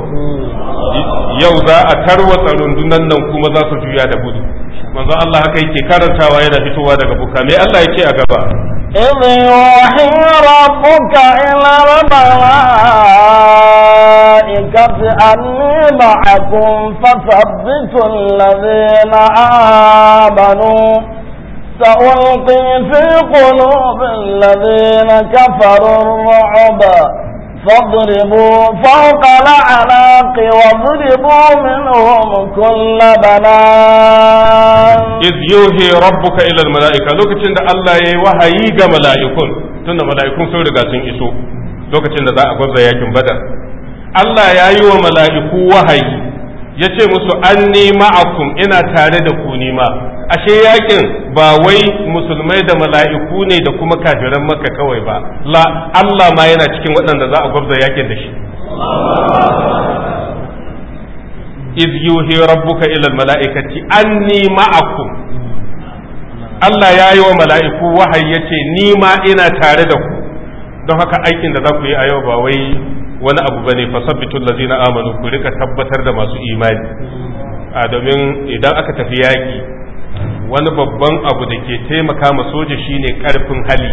yau za a tarwatsa rundunan nan kuma za su juya da gudu manzon Allah haka yake karantawa yana fitowa daga bukka me Allah ya ce a gaba إذ يوحي ربك إلى الملائكة الملائكة أني معكم فثبتوا الذين آمنوا سألقي في قلوب الذين كفروا الرعب فاضربوا فوق الأعناق واضربوا منهم كل بنان إذ يوهي ربك إلى الملائكة لوك تند الله يوحي ملائكون تند ملائكون سورة سن إسو لوك تند ذا أقوى ياكم بدر Allah ya yi wa mala'iku wahayi ya ce musu an kun ina tare da ku nima ashe yakin ba wai musulmai da mala'iku ne da kuma kafiran maka kawai ba la Allah ma yana cikin waɗanda za a gwabza yakin da shi iz yuhi rabbuka ila mala'ikati a kun Allah ya yi wa mala'iku wahayi ya ce ni ma ina tare da ku don haka aikin da za ku yi a yau ba wai wani abu bane sabbitul ladina amanu ku rika tabbatar da masu imani a domin idan aka tafi yaki wani babban abu da ke taimaka ma soja shine karfin hali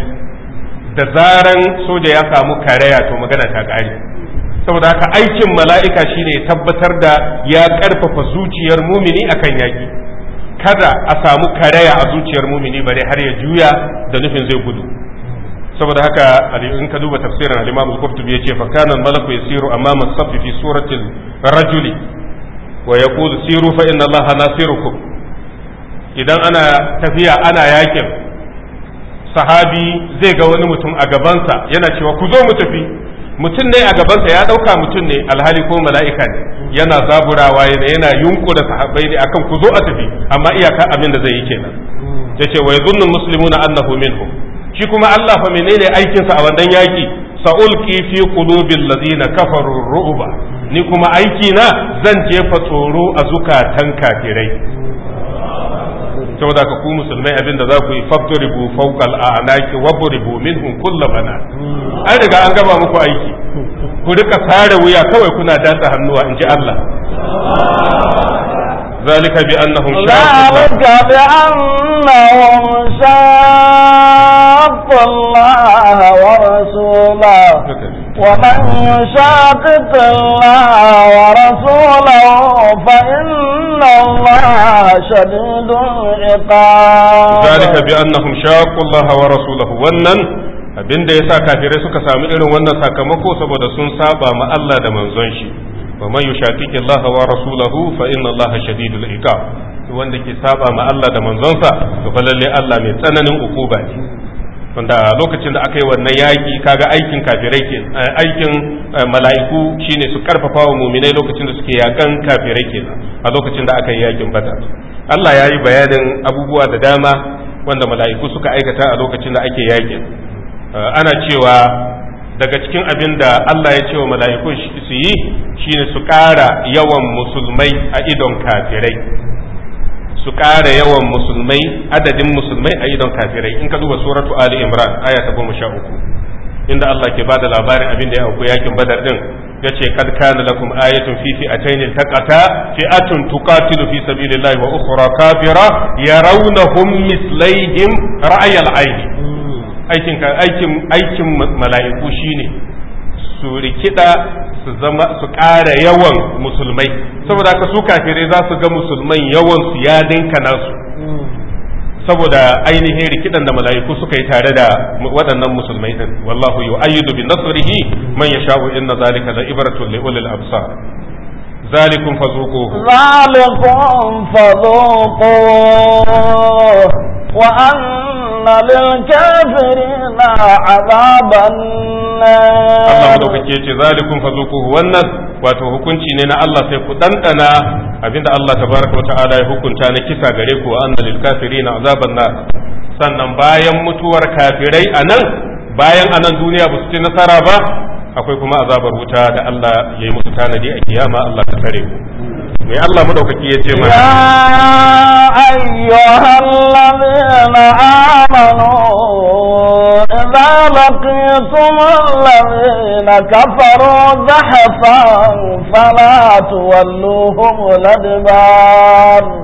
da zaran soja ya samu karaya to magana ta kare saboda haka aikin mala'ika shine tabbatar da ya karfafa zuciyar mumini akan yaki kada a samu karaya a zuciyar mumini bare har ya juya da nufin zai gudu saboda haka in ka duba tafsirin al-Imam al-Qurtubi yace fa kana malaku yasiru amama as-saff fi surati rajuli wa yaqulu siru fa inna Allaha nasirukum idan ana tafiya ana yakin sahabi zai ga wani mutum a gabansa yana cewa ku zo mu tafi mutum ne a gabansa ya dauka mutum ne alhali ko mala'ika ne yana zaburawa yana yana yunkura sahabbai ne akan ku zo a tafi amma iyaka abin da zai yi kenan yace wa yadhunnu muslimuna annahu minhum shi kuma Allah fa menene aikinsa a wannan yaki sa'ulqi fi qulubil ladina kafaru ru'ba ni kuma aiki na zan jefa tsoro a zukatan kafirai saboda ka ku musulmai abin da za ku yi fadribu fawqal a'naki buribu minhum kullu bana ai daga an gaba muku aiki ku rika sare wuya kawai kuna datsa hannuwa in inji Allah ذلك بأنهم شاقوا الله ذلك بأنهم ومن يشاقق الله ورسوله فإن الله شديد العقاب ذلك بأنهم شاقوا الله ورسوله ونن abin da yasa kafirai suka sami irin wannan sakamako saboda sun saba ma Allah da manzon shi wa man yushatiki Allah wa rasulahu fa inna Allah shadidul iqab wanda ke saba ma Allah da manzon sa to fa lalle Allah mai tsananin ukuba ne tunda lokacin da aka yi wannan yaƙi kaga aikin kafirai ke eh, aikin eh, mala'iku shine su karfafa wa muminai lokacin da suke yakan kafirai ke a lokacin da aka yi yaƙin bata Allah ya yi bayanin abubuwa da dama wanda mala'iku suka aikata a lokacin da ake yaƙin eh, ana cewa daga cikin abin da Allah ya ce wa mala'iku su yi shine su ƙara yawan musulmai a idon kafirai su ƙara yawan musulmai adadin musulmai a idon kafirai in ka duba suratu ali imran aya ta goma sha uku inda Allah ke bada labarin abin da ya auku yakin badar din ce kad kana lakum ayatun fi fi'atayn taqata fi'atun tuqatilu fi sabilillahi wa ukhra kafira yarawnahum mislayhim ra'yal ayni hmm. aikin aikin aikin mala'iku shine su rikida su zama su ƙara yawan musulmai saboda haka su kafirai za su ga musulman yawan su ya dinka nasu saboda ainihin rikidan da mala'iku suka yi tare da waɗannan musulmai din wallahu yu'ayyidu bi nasrihi man yasha'u inna zalika la ibratun li ulil absar ذلكم فذوقوه ذلكم فذوقوه وأن للكافرين عذاب النار ce مدوكي fa فذوقوه Wannan wato hukunci ne na Allah sai ku dandana abinda Allah tabaraka wata'ala ya hukunta na kisa gare ku wa anna lil kafirina azaban nar sannan bayan mutuwar kafirai anan bayan anan duniya ba su ci nasara ba akwai kuma azabar wuta da Allah ya yi musu tanadi a kiyama Allah ta tare mu mai Allah madaukaki ya ce mana ya ayyo ladina amano idza laqitum alladhina kafaru zahfan fala tuwalluhum ladbar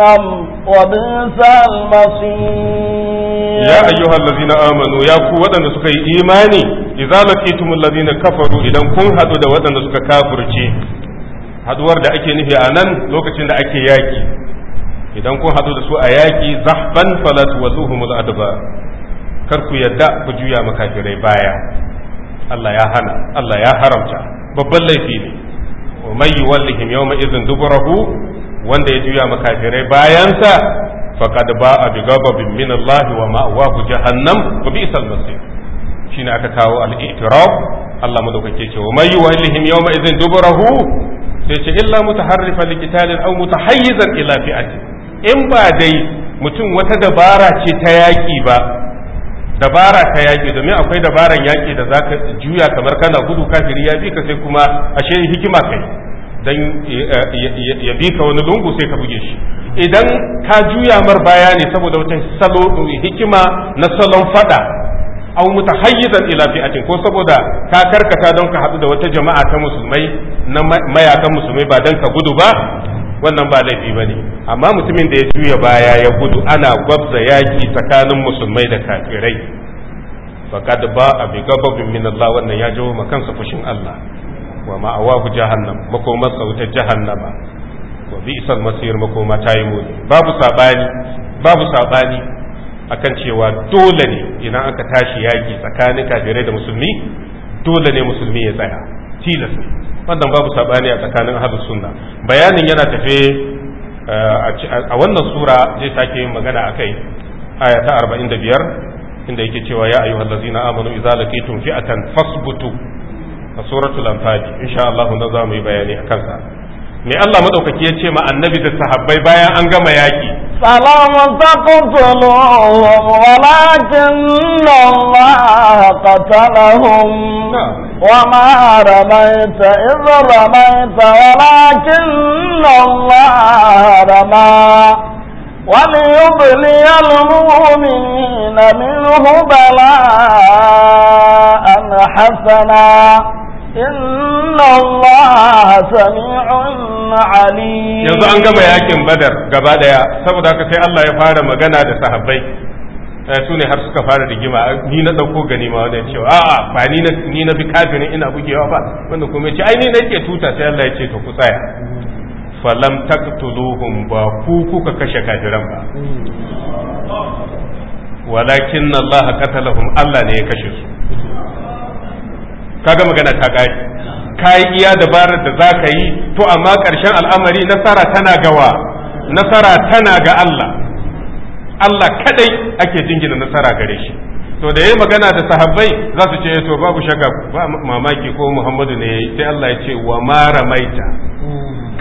جهنم وبئس المصير يا أيها الذين آمنوا يا قوة نسك إيماني إذا لقيتم الذين كفروا إذا كن هدو دو نسك كافر جي haduwar da ake nufi a nan lokacin da ake yaƙi idan kun haɗu da su a yaƙi zahban falat wa zuhumul adba kar ku yadda ku juya makafirai baya Allah ya hana Allah ya haramta babban laifi ne wa mai yuwallihim yawma idhin duburahu wanda ya juya makafirai bayansa faqad ba'a bi ghadabin min Allah wa ma'wahu jahannam wa bi'sal masir shine aka kawo al-i'tiraf Allah madaukake ce wa may yuwallihim yawma idhin duburahu sai ce illa mutaharrifa liqitalin aw mutahayyizan ila fi'ati in ba dai mutum wata dabara ce ta yaki ba dabara ta yaki domin akwai dabaran yaki da zaka juya kamar kana gudu kafiri ya bi ka sai kuma ashe hikima kai don ya bi ka wani lungu sai ka buge shi idan ka juya mar baya ne saboda wata salo hikima na salon fada au mutahayyizan ila fi'atin ko saboda ka karkata don ka haɗu da wata jama'a ta musulmai na mayakan musulmai ba dan ka gudu ba wannan ba laifi ba ne amma mutumin da ya juya baya ya gudu ana gwabza yaki tsakanin musulmai da kafirai faqad ba a bi gababin min Allah wannan ya jawo ma kansa fushin Allah wa ma'awahu jahannam makoma wutar jahannama wa isan masir makoma tayi muni babu sabani babu sabani akan cewa dole ne idan aka tashi yaki tsakanin kafirai da musulmi dole ne musulmi ya tsaya tilas ne wannan babu sabani a tsakanin ahlus sunna bayanin yana tafe eh, a wannan sura zai sake yin magana akai aya ta 45 inda yake cewa ya ayyuhallazina amanu idza laqitum fi'atan fasbutu a suratul anfal insha Allah na za mu yi bayani a kansa me Allah madaukaki ya ce ma annabi da sahabbai bayan an gama yaki salamun zaqutulu walakin Allah qatalahum wa ma ramaita idh ramaita walakin Allah rama وليبلي المؤمنين منه بلاء حسنا إن الله سميع عليم yanzu an gama yakin badar gaba daya saboda haka sai Allah ya fara magana da sahabbai eh, su ne har suka fara rigima ni na dauko gani ma wanda cewa a'a ba ni na ni na kafirin ina bugewa ba wanda kuma yace ai ni nake tuta sai Allah ya ce to ku tsaya falam taqtuluhum ba ku kuka kashe kafiran ba hmm. walakin Allah qatalahum Allah ne ya kashe su ka ga magana ta kare ka yi iya dabarar da za ka yi to amma ƙarshen al'amari nasara tana gawa nasara tana ga Allah Allah kadai ake jingina nasara gare shi to da yayi magana da sahabbai za su ce eh, to babu shakka ba mamaki ko Muhammadu ne yi. sai Allah ya ce wa ma ramaita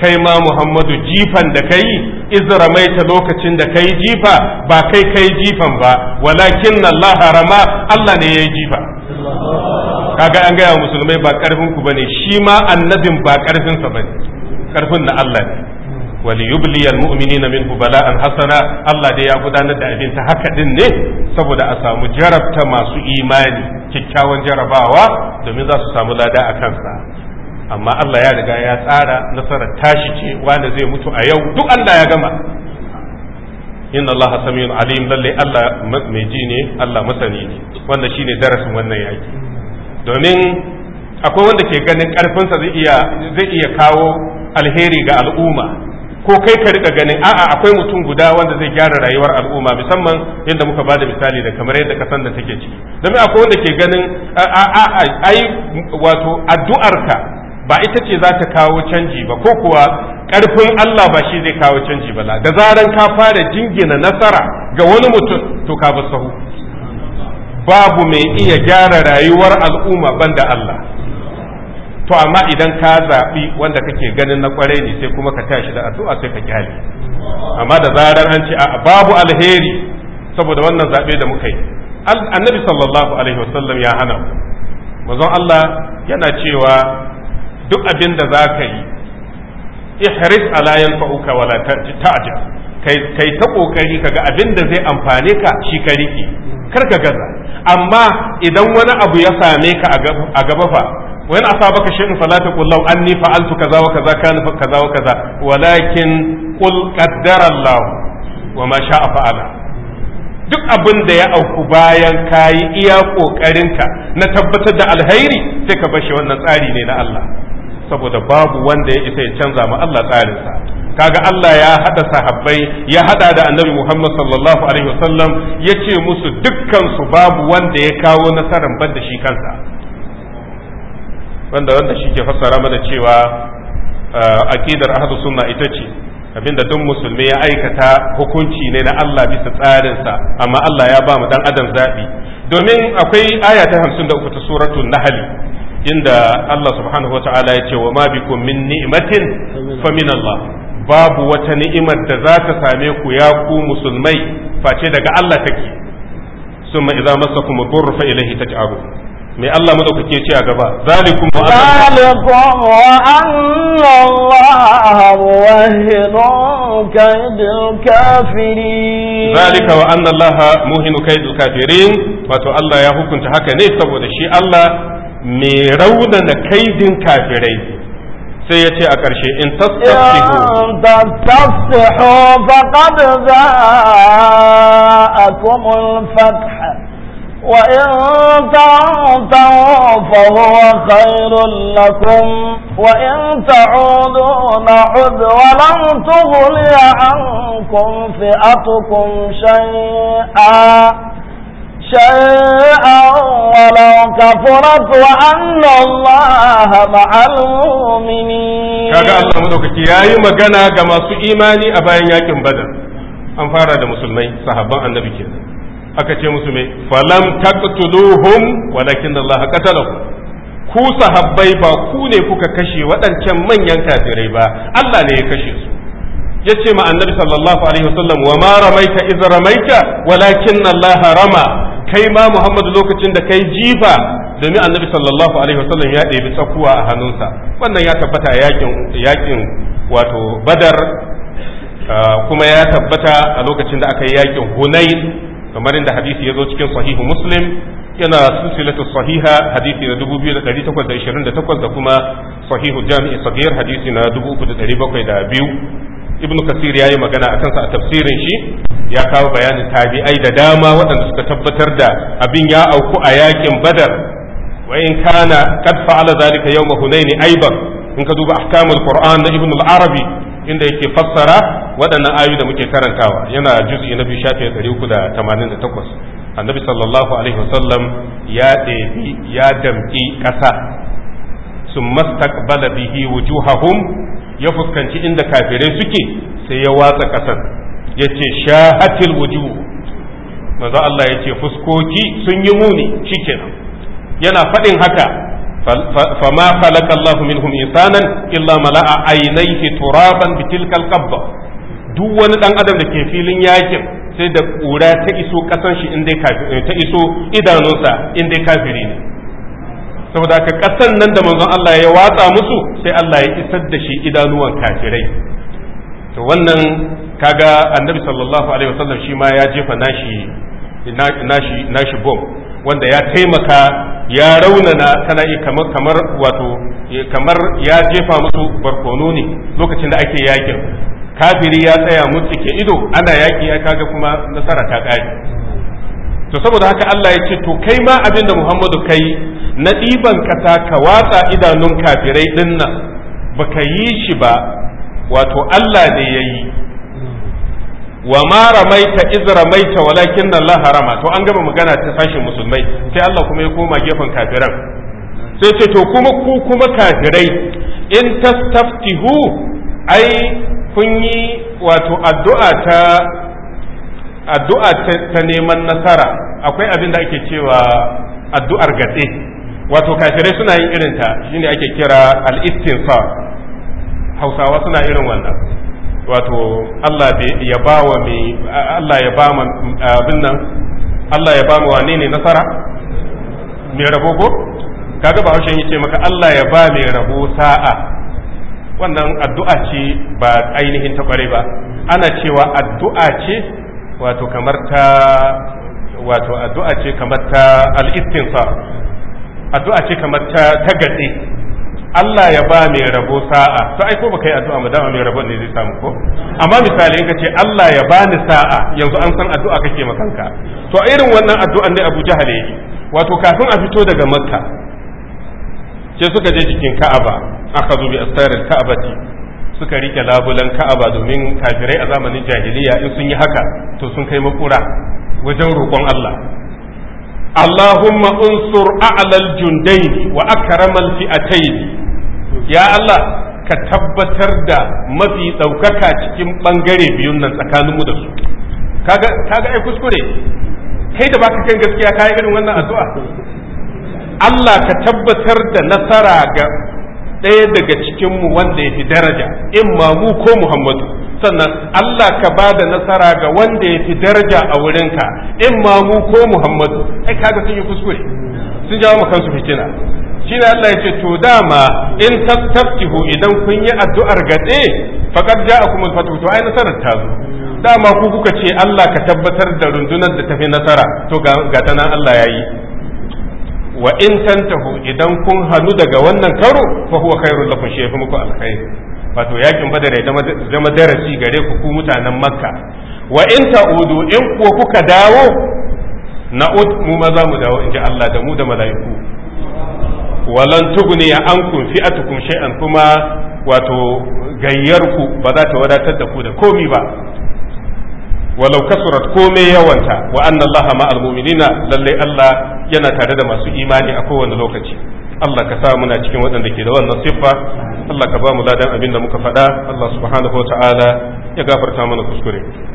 kai ma Muhammadu jifan da kai iz ramaita lokacin da kai jifa ba kai kai jifan ba walakin Allah rama Allah ne ya yi jifa kaga an gaya musulmai ba karfin ku bane shi ma annabin ba karfin sa bane karfin na Allah ne وليبلي المؤمنين منه بلاء حسنا Allah dai ya gudanar da abin ta haka din ne saboda a samu jarabta masu imani kyakkyawan jarabawa domin za su samu lada a kansa amma Allah ya riga ya tsara nasarar tashi ce wanda zai mutu a yau duk Allah ya gama inna Allah samiyun alim lalle Allah mai ji ne Allah masani ne wanda shine darasin wannan yaki domin akwai wanda ke ganin ƙarfinsa zai iya zai iya kawo alheri ga al'umma ko kai ka rika ganin a'a akwai mutum guda wanda zai gyara rayuwar al'umma musamman yadda muka ba da misali da kamar yadda kasan da take ciki domin akwai wanda ke ganin a'a ai wato addu'arka ba ita ce za ta kawo canji ba ko kuwa karfin Allah ba shi zai kawo canji ba da zaran ka fara jingina nasara ga wani mutum to ka bar sahu babu mai iya gyara rayuwar al'umma banda Allah to amma idan ka zaɓi wanda kake ganin na kwarai ne sai kuma ka tashi da addu'a sai ka kyale amma da zarar an ce a babu alheri saboda wannan zaɓe da muka yi annabi sallallahu alaihi wasallam ya hana mazan Allah yana cewa duk abin da za ka yi ihris ala yanfa'uka wala ta'ja kai kai ta kokari kaga abin da zai amfane ka shi ka rike kar ka gaza amma idan wani abu ya same ka a gaba fa wa in asabaka ka fala taqul law anni fa'altu kaza wa kaza kan fa kaza wa kaza walakin qul qaddara Allah wa ma sha'a fa'ala duk abin da ya auku bayan kayi iya kokarinka na tabbatar da alheri sai ka bashi wannan tsari ne na Allah saboda babu wanda ya isa ya canza ma Allah tsarin sa. kaga Allah ya hada sahabbai ya hada da annabi Muhammad sallallahu alaihi wasallam ce musu dukkan su babu wanda ya kawo nasarar banda shi kansa wanda wanda shi ke fassara mana cewa uh, aqidar ahlus sunna ita ce abinda duk musulmi ya aikata hukunci ne na Allah bisa tsarinsa amma Allah ya ba mu dan adam zabi domin akwai aya ta 53 ta suratul nahl inda Allah subhanahu wa ta'ala ya ce wa ma bikum min ni'matin fa min Allah babu wata ni'imar da za ta same ku ya ku musulmai face daga Allah take summa masa masakum dhurru fa ilayhi taj'abu mai Allah madaukake ce a gaba zalikum wa zalika wa anna Allah muhinu kaidil kafirin wato Allah ya hukunta haka ne saboda shi Allah mai raunana kaidin kafirai sai ya ce a ƙarshe in tastafsihu faqad za'akum al-fath wa in ta'tawu fa huwa khairul lakum wa in ta'udu na'ud wa lam tughni 'ankum fi'atukum shay'a شيئا ولو كفرت وأن الله مع المؤمنين kaga Allah madaukaki yayi magana ga masu imani a bayan yakin Badar an fara da musulmai sahabban annabi kenan aka ce musu me falam taqtuluhum walakin Allah qatalahum ku sahabbai ba ku ne kuka kashe waɗancan manyan kafirai ba Allah ne ya kashe su yace ma annabi sallallahu alaihi wasallam wa ma ramaita iz ramaita walakin Allah rama kai ma Muhammadu lokacin da kai jifa domin annabi sallallahu alaihi wasallam ya ɗebi tsakuwa a hannunsa wannan ya tabbata a yakin wato badar uh, kuma ya tabbata a lokacin da aka yi yakin hunain kamar inda hadisi ya zo cikin sahihu muslim yana silsilatu sahiha hadisi na 2828 da kuma sahihu jami'i sagir hadisi na 3702 ibnu kasir yi magana a kansa a tafsirin shi ya kawo bayanin tabi'ai da dama waɗanda suka tabbatar da abin ya auku a yakin badar wa in kana qad fa'ala zalika yawm hunain aiban in ka duba ahkamul qur'an na ibnu al-arabi inda yake fassara waɗannan ayu da muke karantawa yana juz'i na biyu shafi takwas. annabi sallallahu alaihi wasallam ya ɗebi ya damƙi ƙasa sun mastaqbala bihi wujuhahum ya fuskanci inda kafirai suke sai ya watsa ƙasar ya ce shahatil wuju maza Allah ya ce fuskoki sun yi muni cikin yana faɗin haka fama khalaqa Allahu minhum insanan illa mala'a aynayhi turaban bitilkal qabda duk wani dan adam da ke filin yakin sai da ƙura ta iso kasan shi inda ta iso idanunsa in dai kafiri ne saboda ka kasan nan da manzon Allah ya watsa musu sai Allah ya isar da shi idanuwan kafirai to wannan kaga annabi sallallahu alaihi wasallam shi ma ya jefa nashi nashi nashi bom wanda ya taimaka ya raunana tana kamar kamar wato kamar ya jefa musu barkono ne lokacin da ake yakin kafiri ya tsaya mutsike ido ana yaki ya kaga kuma nasara ta ƙare. to saboda haka Allah ya ce to kai ma abinda Muhammadu kai na ɗiban kasa ka watsa idanun kafirai din nan baka yi shi ba wato Allah ne ya yi wa ma ramaita iz ramaita walakin Allah harama to an gama magana ta sashin musulmai sai Allah kuma ya koma gefen kafiran sai ce to kuma ku kuma kafirai in tastaftihu ai kun yi wato addu'a ta addu'a ta neman nasara akwai abin da ake cewa addu'ar gatse wato kafirai suna yin irinta shine ake kira al-istinsar hausawa suna irin wannan wato Allah ya ba wa mai Allah ya ba abin nan Allah ya ba mu wane ne nasara mai rabo ko kaga ba haushen yace maka Allah ya ba mai rabo sa'a wannan addu'a ce ba ainihin ta kware ba ana cewa addu'a ce wato kamar ta wato addu'a ce kamar ta al addu'a ce kamar ta ta Allah ya ba mai rabo sa'a to ai ko baka yi addu'a mu dama mai rabo ne zai samu ko amma misali in ka ce Allah ya bani sa'a yanzu an san addu'a kake kanka to irin wannan addu'an ne Abu Jahal yake wato kafin a fito daga Makka sai suka je jikin Ka'aba aka zo bi asarar Ka'abati suka rike labulan ka'aba domin kafirai a zamanin jahiliya in sun yi haka to sun kai makura wajen roƙon Allah Allahumma unsur a'lal jundaini wa akramal fi'atayn ya Allah ka tabbatar da mafi ɗaukaka cikin ɓangare biyun nan tsakaninmu da su kaga kaga ai kuskure kai da baka kan gaskiya kai irin wannan addu'a Allah ka tabbatar da nasara ga ɗaya daga cikinmu wanda ya fi daraja in ma mu ko muhammadu sannan Allah ka ba da nasara ga wanda ya fi daraja a wurinka in ma mu ko muhammadu ai kaga sun yi kuskure sun jawo mu kansu fitina shi ne Allah ya to dama in taftihu idan kun yi addu'ar gaɗe faƙar ja a kuma fatu to ai nasarar ta zo dama ku kuka ce Allah ka tabbatar da rundunar da tafi nasara to ga ta nan Allah ya yi wa in tantahu idan kun hannu daga wannan karo fa huwa khairul lakum shi yafi muku alkhair wato yakin badar ya zama darasi gare ku ku mutanen makka wa in ta'udu in kuwa kuka dawo na'ud mu ma za mu dawo in Allah da mu da mala'iku walan tugni ya ankum fi'atukum shay'an kuma wato gayyarku ba za ta wadatar da ku da komi ba walau kasurat komai yawanta wa anna allaha ma'al mu'minina lalle Allah yana tare da masu imani a kowane lokaci Allah ka sa muna cikin waɗanda ke da wannan siffa Allah ka ba mu ladan abin da muka faɗa Allah subhanahu wa ta'ala ya gafarta mana kuskure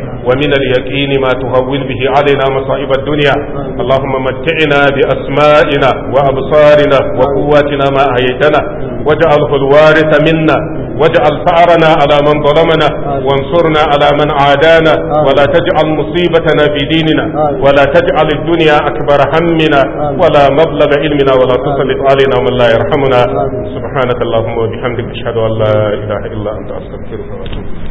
ومن اليقين ما تهون به علينا مصائب الدنيا اللهم متعنا بأسمائنا وأبصارنا وقواتنا ما أحييتنا واجعله الوارث منا واجعل فأرنا على من ظلمنا وانصرنا على من عادانا ولا تجعل مصيبتنا في ديننا ولا تجعل الدنيا أكبر همنا ولا مبلغ علمنا ولا تسلط علينا من لا يرحمنا سبحانك اللهم وبحمدك أشهد أن لا إله إلا أنت أستغفرك وأتوب إليك